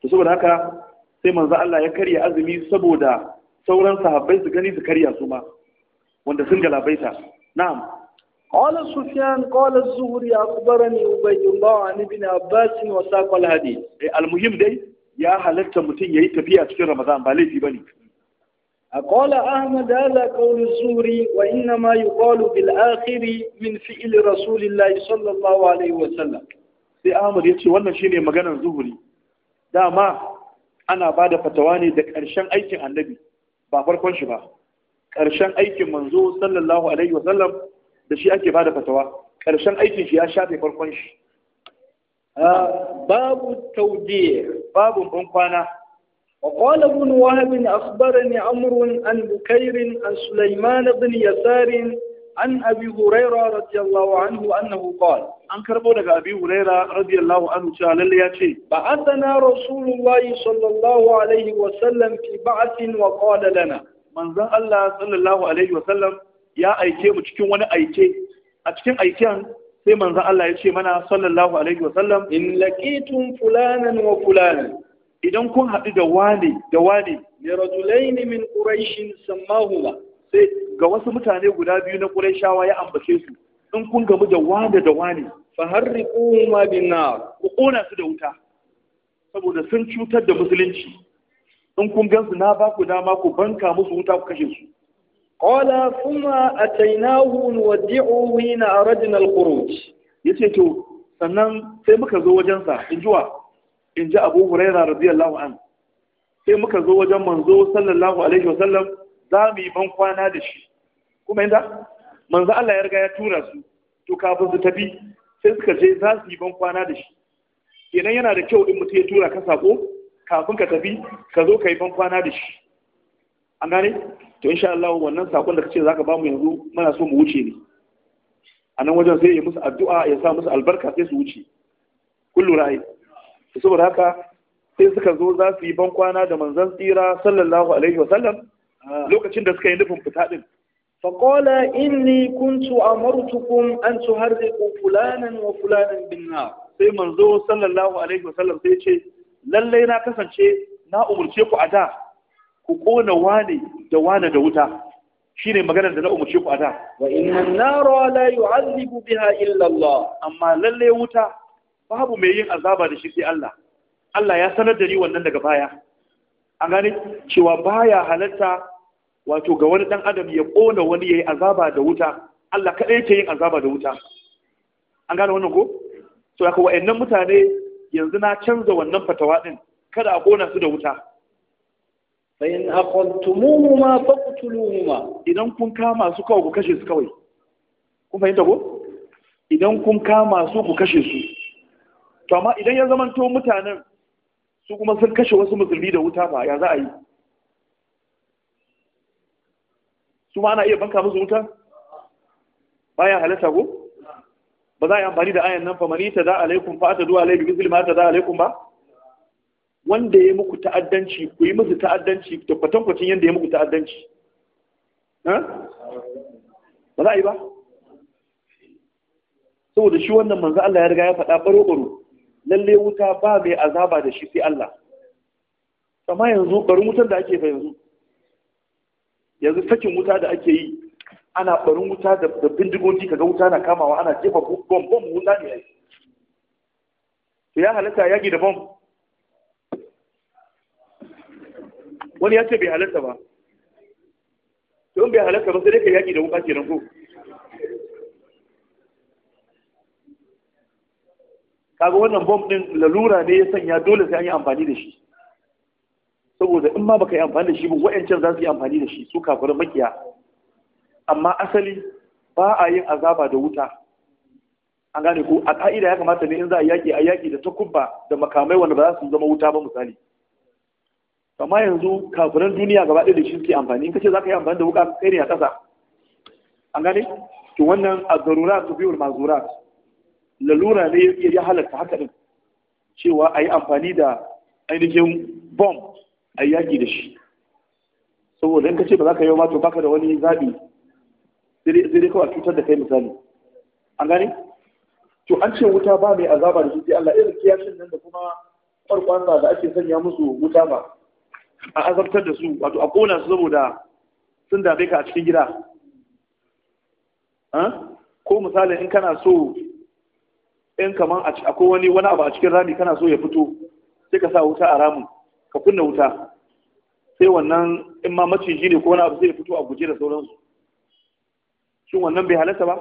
to saboda haka sai manzo Allah ya karya azumi saboda sauran sahabbai su gani su karya su ma wanda sun galabaita na'am قال سفيان قال الزهري اخبرني ابي الله عن ابن عباس وساق الحديث المهم dai ya halatta mutum yi tafiya cikin Ramadan ba laifi bane قال أحمد هذا قول الزهري وإنما يقال بالآخر من فعل رسول الله صلى الله عليه وسلم sai ahmad ya ce wannan shine maganar zuhuri dama ana ba da fatawa ne da ƙarshen aikin annabi ba farkon shi ba ƙarshen aikin manzo sallallahu alaihi wa sallam da shi ake ba da fatawa ƙarshen aikin shi ya shafe farkon shi ah, babu tauje babu ban kwana وقال ابن وهب أخبرني عمرو عن بكير عن سليمان بن يسار an abi huraira radiyallahu anhu annahu qala an karɓo daga abi huraira radiyallahu anhu cewa lalle ya ce ba atana rasulullahi sallallahu alaihi wa sallam fi ba'thin wa qala lana manzon Allah sallallahu alaihi wa sallam ya aike mu cikin wani aike a cikin sai manzon Allah ya ce mana sallallahu alaihi wa sallam in laqitum fulanan wa fulanan idan kun haɗu da wani. da wane li rajulaini min quraishin sammahuma sai ga wasu mutane guda biyu na Qurayshawa ya ambace su in kun gamu da wanda da wani fa riƙo ma bin ku kona su da wuta saboda sun cutar da musulunci in kun gansu na ba ku dama ku banka musu wuta ku kashe su qala thumma atainahu nuwaddi'u hina aradna al-khuruj yace to sannan sai muka zo wajen sa injuwa inji Abu Hurairah radiyallahu an sai muka zo wajen manzo sallallahu alaihi wasallam za mu yi ban kwana da shi kuma inda manzo Allah ya riga ya tura su to kafin su tafi sai suka je za su yi ban kwana da shi kenan yana da kyau in mutum ya tura ka sako kafin ka tafi ka zo ka yi ban kwana da shi an gane to insha Allah wannan sakon da kace zaka ba mu yanzu muna so mu wuce ne a nan wajen sai ya musu addu'a ya sa musu albarka sai su wuce kullu rai saboda haka sai suka zo za su yi ban kwana da manzon tsira sallallahu alaihi wa sallam ah. lokacin da suka yi nufin fita din فقال إني كنت أمرتكم أن تهرقوا فلانا وفلانا بالنار sai manzo sallallahu alaihi wasallam sai ce lallai na kasance na umurce ku a da ku kona wane da wane da wuta shine maganar da na umurce ku a da wa inna nara la yu'azzibu biha illa amma lallai wuta babu mai yin azaba da shi sai Allah Allah ya sanar da ni wannan daga baya an gane cewa baya halarta. wato ga wani dan adam ya kona wani yayi azaba da wuta Allah kadai yake yin azaba da wuta an gane wannan ko to haka wayannan mutane yanzu na canza wannan fatawa din kada a kona su da wuta fa in aqaltumuhuma faqtuluhuma idan kun kama su kawai ku kashe su kawai kun fahimta ko idan kun kama su ku kashe su to amma idan ya zamanto mutanen su kuma sun kashe wasu musulmi da wuta ba ya za a yi su ma ana iya banka musu wuta baya halatta ko ba za a yi amfani da ayan nan fa mani ta da alaikum fa ta duwa alaikum misli ma ta da alaikum ba wanda ya muku ta'addanci ku yi musu ta'addanci tabbatan kwacin yadda ya muku ta'addanci ba za a yi ba saboda shi wannan manzo Allah ya riga ya faɗa baro-baro lalle wuta ba mai azaba da shi sai Allah amma yanzu bari wutar da ake fa yanzu yanzu sakin wuta da ake yi ana barin wuta da bindigogi kaga wuta na kamawa ana jefa bom bom wuta ne ya halatta yaki da bom wani ya ce bai halatta ba to in bai halatta ba sai dai ka yaki da wuta kenan ko kaga wannan bom din lalura ne ya sanya dole sai an yi amfani da shi saboda in ma baka yi amfani da shi ba wa'ancan za su yi amfani da shi su kafirin makiya amma asali ba a yin azaba da wuta an gane ko a ka'ida ya kamata ne in za a yaƙi a yaƙi da takubba da makamai wanda ba za su zama wuta ba misali amma yanzu kafin duniya gaba ɗaya da shi suke amfani in kace za ka yi amfani da wuka kai ne a ƙasa an gane to wannan a zarura su biyu mazura lalura ne ya halatta haka din cewa a yi amfani da ainihin bomb a yaƙi da shi saboda in ka ce ba za ka yi ma to baka da wani zaɓi sai dai kawai cutar da kai misali an gane to an ce wuta ba mai azaba da shi sai Allah irin kiyashin nan da kuma kwarkwansa da ake sanya musu wuta ba a azabtar da su wato a kona su saboda sun dabe ka a cikin gida ko misali in kana so in kaman akwai wani wani abu a cikin rami kana so ya fito sai ka sa wuta a ramin ka kunna wuta sai wannan in ma maciji ne ko wani abu zai fito a guje da sauransu shin wannan bai halatta ba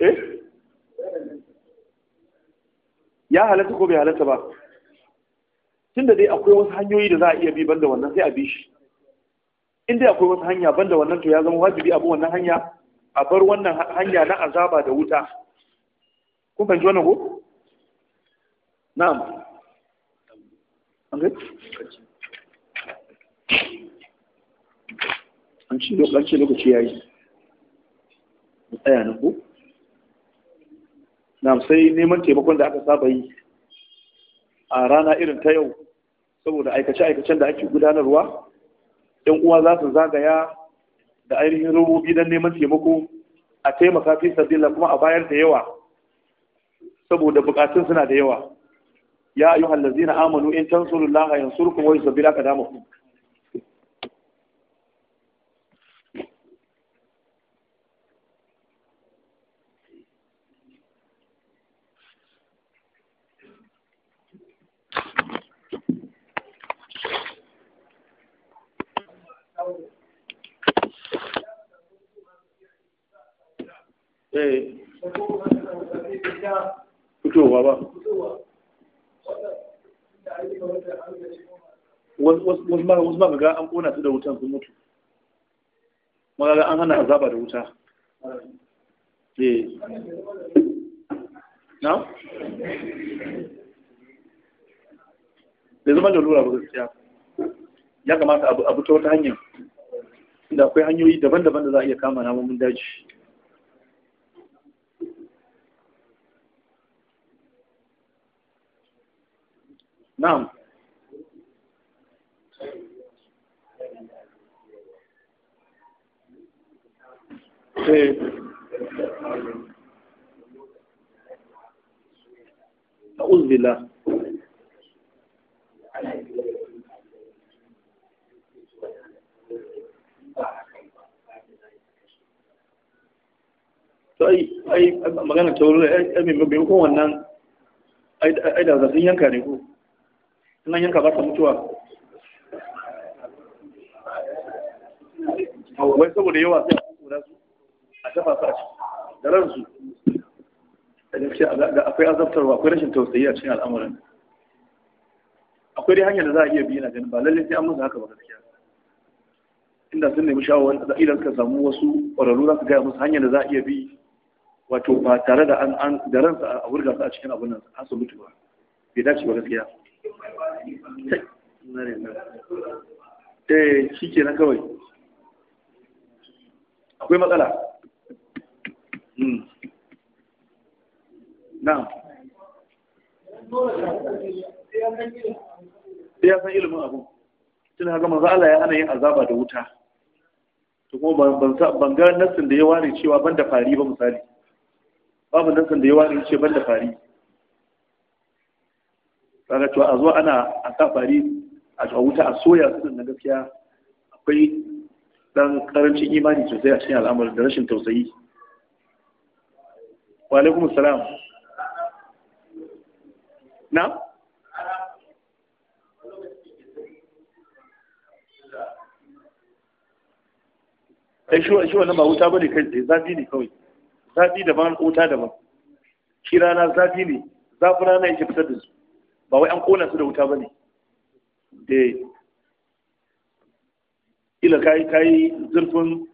eh ya halatta ko bai halatta ba tunda dai akwai wasu hanyoyi da za a iya bi banda wannan sai a bi shi in dai akwai wasu hanya banda wannan to ya zama wajibi abu wannan hanya a bar wannan hanya na azaba da wuta kun fahimci wannan ko na'am an ce lokaci ya yi tsaya na ku na sai neman taimakon da aka saba yi a rana irin ta yau saboda aikace-aikacen da ake gudanarwa yan uwa za su zagaya da ainihin robobi don neman taimako a taimaka fi sabila kuma a bayar da yawa saboda bukatun suna da yawa ya ayyuhal ladzina amanu in tansurullaha yansurkum wa yusabbir aqdamakum fitowa ba wasu ma ga an kona su da wutan sun mutu ga an hana azaba da wuta eh na da zama da lura ba gaskiya ya kamata abu ta wata hanyar da akwai hanyoyi daban-daban da za a iya kama namomin daji na'am eh a'udhu billah ai magana ta wurin ai wannan ai da zafin yanka ne ko in yanka ba ta mutuwa wai saboda yawa sai a kura su a tafa su a ciki da ransu da akwai azabtarwa akwai rashin tausayi a cikin al'amuran akwai dai hanyar da za a iya biyu na ganin ba lallai sai an musu haka ba gaskiya inda sun nemi shawarwar da idan ka samu wasu ƙwararru za su gaya musu hanyar da za a iya bi wato ba tare da an da ransa a wurga su a cikin abin nan asibiti ba bai dace ba gaskiya eh shi kenan kawai akwai matsala hmm. na ya san ilimin abu tun haka manzo Allah ya ana yin azaba da wuta to kuma ban ga nassin da ya ware cewa ban da fari ba misali babu nassin da ya ware cewa ban da fari kaga cewa a zo ana a kafari a wuta a soya su na gaskiya akwai dan karancin imani sosai a cikin al'amarin da rashin tausayi wa alaikum salam na ai shi wannan ba wuta bane kai tsaye zafi ne kawai zafi daban wuta daban shi rana zafi ne zafi rana yake fitar da su ba wai an kona su da wuta ba ne da eh. ila kai kai zurfin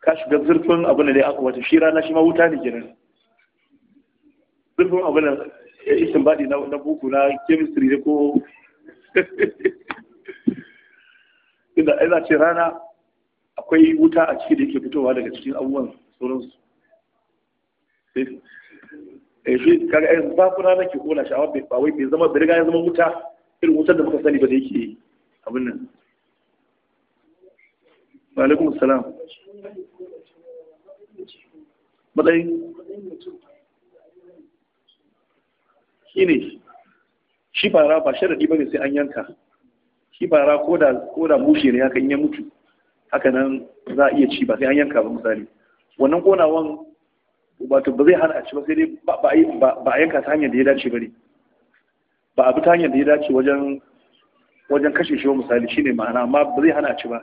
ka shiga zurfin abin da aka wata shi rana shi ma wuta ne kenan zurfin abin da yi eh, baɗi na buku na chemistry da ko inda Ina ce rana akwai wuta a ciki da yake fitowa daga cikin abubuwan sauransu eh. eh shi kaga ai eh, zakuna nake kona shi amma ba wai bai zama bai riga ya zama wuta irin wutar da muka sani ba da yake abin nan wa alaikum assalam matsayin shi ne shi fara ba sharaɗi ba ne sai an yanka shi fara ko da mushe ne haka in ya mutu haka nan za a iya ci ba sai an yanka ba misali wannan konawan wato ba zai hana a ci ba sai dai ba a yanka ta hanyar da ya dace bane ba a bi ta hanyar da ya dace wajen wajen kashe shi misali shine ma'ana amma ba zai hana a ci ba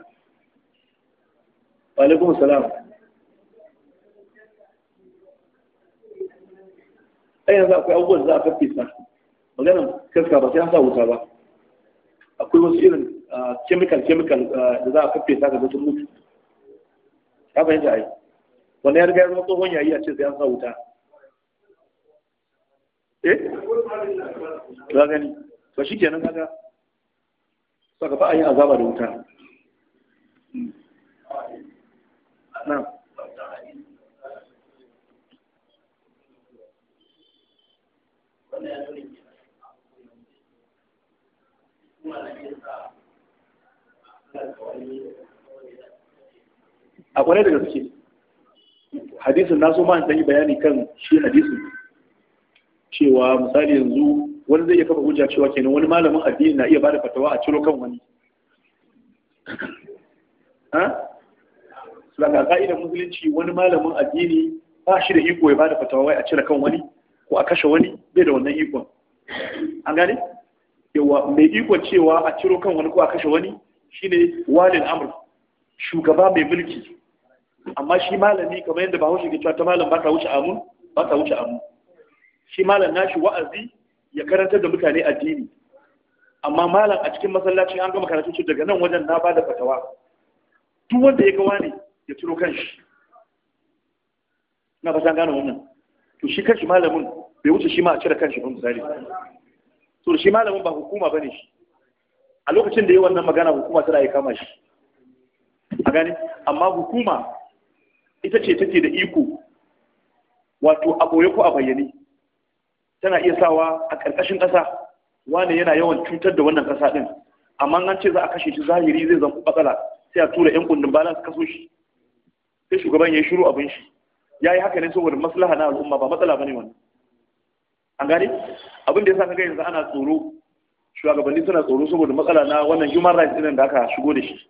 wa alaikum salam ai yanzu akwai abubuwan da za a faffesa maganar kaska ba sai an sa wuta ba akwai wasu irin ah, chemical chemical ah, da za a faffesa ka ga sun mutu ta fahimta ai wani yarga riga ya zama tsohon yayi a ce sai an sa wuta eh ba gani shi kenan kaga saka ba a yi azaba da wuta na a kwarai da gaske hadisin na so ma dan yi bayani kan shi hadisin cewa misali yanzu wani zai iya kafa hujja cewa kenan wani malamin addini na iya bada fatawa a ciro kan wani ha daga ka'idar musulunci wani malamin addini ba shi da iko ya bada fatawa wai a cire kan wani ko a kashe wani bai da wannan ikon an gane yawa mai ikon cewa a ciro kan wani ko a kashe wani shine walin amr shugaba mai mulki amma shi malami kamar yadda bahaushe ke cewa ta malam baka wuce amun baka wuce amun shi malam nashi wa'azi ya karantar da mutane addini amma malam a cikin masallaci an gama karatu ce daga nan wajen na ba da fatawa duk wanda ya gawa ne ya turo kanshi na fasa gane wannan to shi kanshi malamin bai wuce shi ma a cire kanshi ba misali to shi malamin ba hukuma bane shi a lokacin da yi wannan magana hukuma tana yi kama shi a gani amma hukuma ita ce take da iko wato a boye ko a bayyane tana iya sawa a ƙarƙashin ƙasa wane yana yawan cutar da wannan ƙasa ɗin amma an ce za a kashe shi zahiri zai zama matsala sai a tura 'yan kundin bala su kaso shi sai shugaban ya yi shiru abin shi ya yi haka ne saboda maslaha na al'umma ba matsala ba ne wannan an gane abin da ya sa kaga yanzu ana tsoro shugabanni suna tsoro saboda matsala na wannan human rights ɗin da aka shigo da shi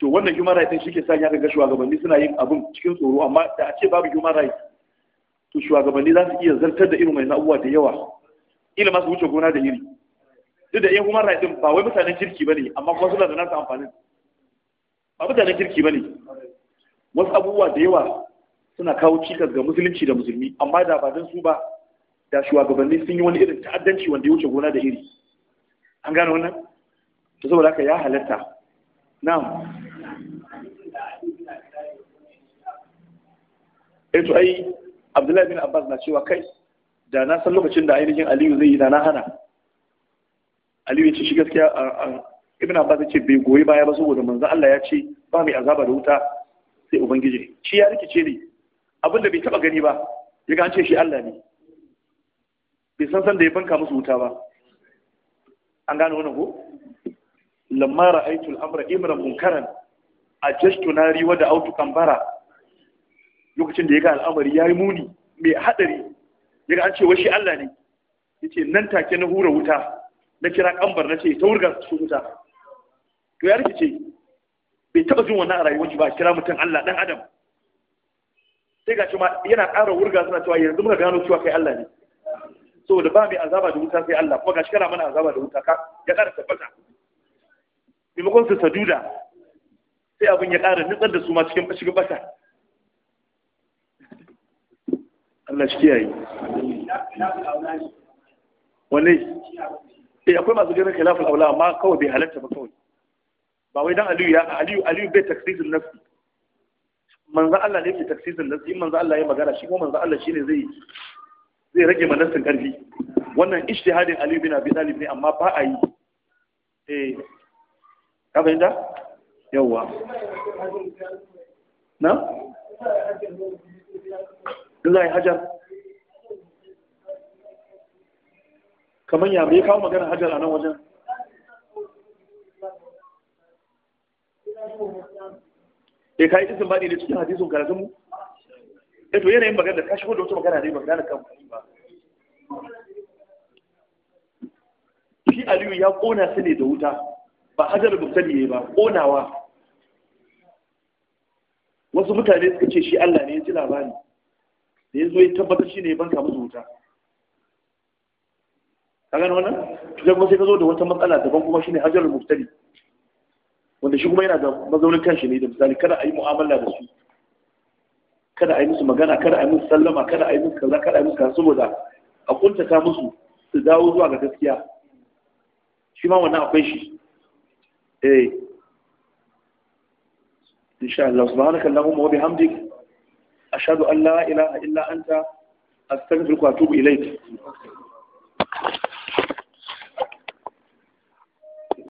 to wannan human rights shi ke sa ya ga shugabanni suna yin abin cikin tsoro amma da a ce babu human rights to shugabanni za su iya zartar da irin mai abubuwa da yawa ila masu wuce gona da iri duk da yan human rights din ba wai mutanen kirki bane amma kuma suna da nasu amfanin ba mutanen kirki bane wasu abubuwa da yawa suna kawo cikas ga musulunci da musulmi amma da ba don su ba da shugabanni sun yi wani irin ta'addanci wanda ya wuce gona da iri an gane wannan to saboda haka ya halatta na'am eh to ai Abdullahi bin Abbas na cewa kai da na san lokacin da ainihin Aliyu zai yi da na hana Aliyu ya ce shi gaskiya Ibn Abbas ya ce bai goyi baya ba saboda manzo Allah ya ce ba mai azaba da wuta sai ubangiji shi ya rikice ne abin da bai taba gani ba ya ga an ce shi Allah ne bai san san da ya banka musu wuta ba an gane wannan ko lamma ra'aytu al-amra imran munkaran ajashtu nari wa da'awtu kambara lokacin da ya ga al'amari ya yi muni mai haɗari ya ga an ce washi Allah ne ya ce nan take na hura wuta na kira ƙambar na ce ta wurga su wuta to ya rikice bai taɓa jin wannan a rayuwar shi ba kira mutum Allah ɗan adam sai ga ma yana ƙara wurga suna cewa yanzu muka gano cewa kai Allah ne saboda ba mai azaba da wuta sai Allah kuma gashi kana mana azaba da wuta ka ya ƙara tabbata maimakon su saduda sai abin ya ƙara nutsar da su ma cikin cikin bata Allah shi kiyaye wanne eh akwai masu ganin khilafin aula amma kawai bai halatta ba kawai ba wai dan aliyu ya aliyu aliyu bai taksisin nafsi manzo Allah ne ke taksisin nafsi in manzo Allah ya magana shi kuma manzo Allah shine zai zai rage manasin karfi wannan ijtihadin aliyu bin abi talib ne amma ba a yi eh ka fahimta yawwa na Allah ya yi hajar kamar ya bai kawo maganar hajar a nan wajen ya eh, kayi izin baɗi ne cikin hadisun karatun mu ya eh, to yanayin magana da ka shigo da wata magana ne magana da kan ba shi aliyu ya ƙona su ne da wuta ba hajar bukari ne ba ƙonawa wasu mutane suka ce shi allah ne ya ci labari da ya zo ya tabbatar shi ne ya banka musu wuta a gani wannan idan kuma sai ka zo da wata matsala daban kuma ne hajjar muftari wanda shi kuma yana da mazaunin kanshi ne da misali kada a yi mu'amala da su kada a yi musu magana kada a yi musu sallama kada a yi musu kaza kada a yi musu kaza saboda a kuntata musu su dawo zuwa ga gaskiya shi ma wannan akwai shi eh insha Allah subhanaka allahumma wa bihamdika A an la ilaha illa anta astaghfiruka wa atubu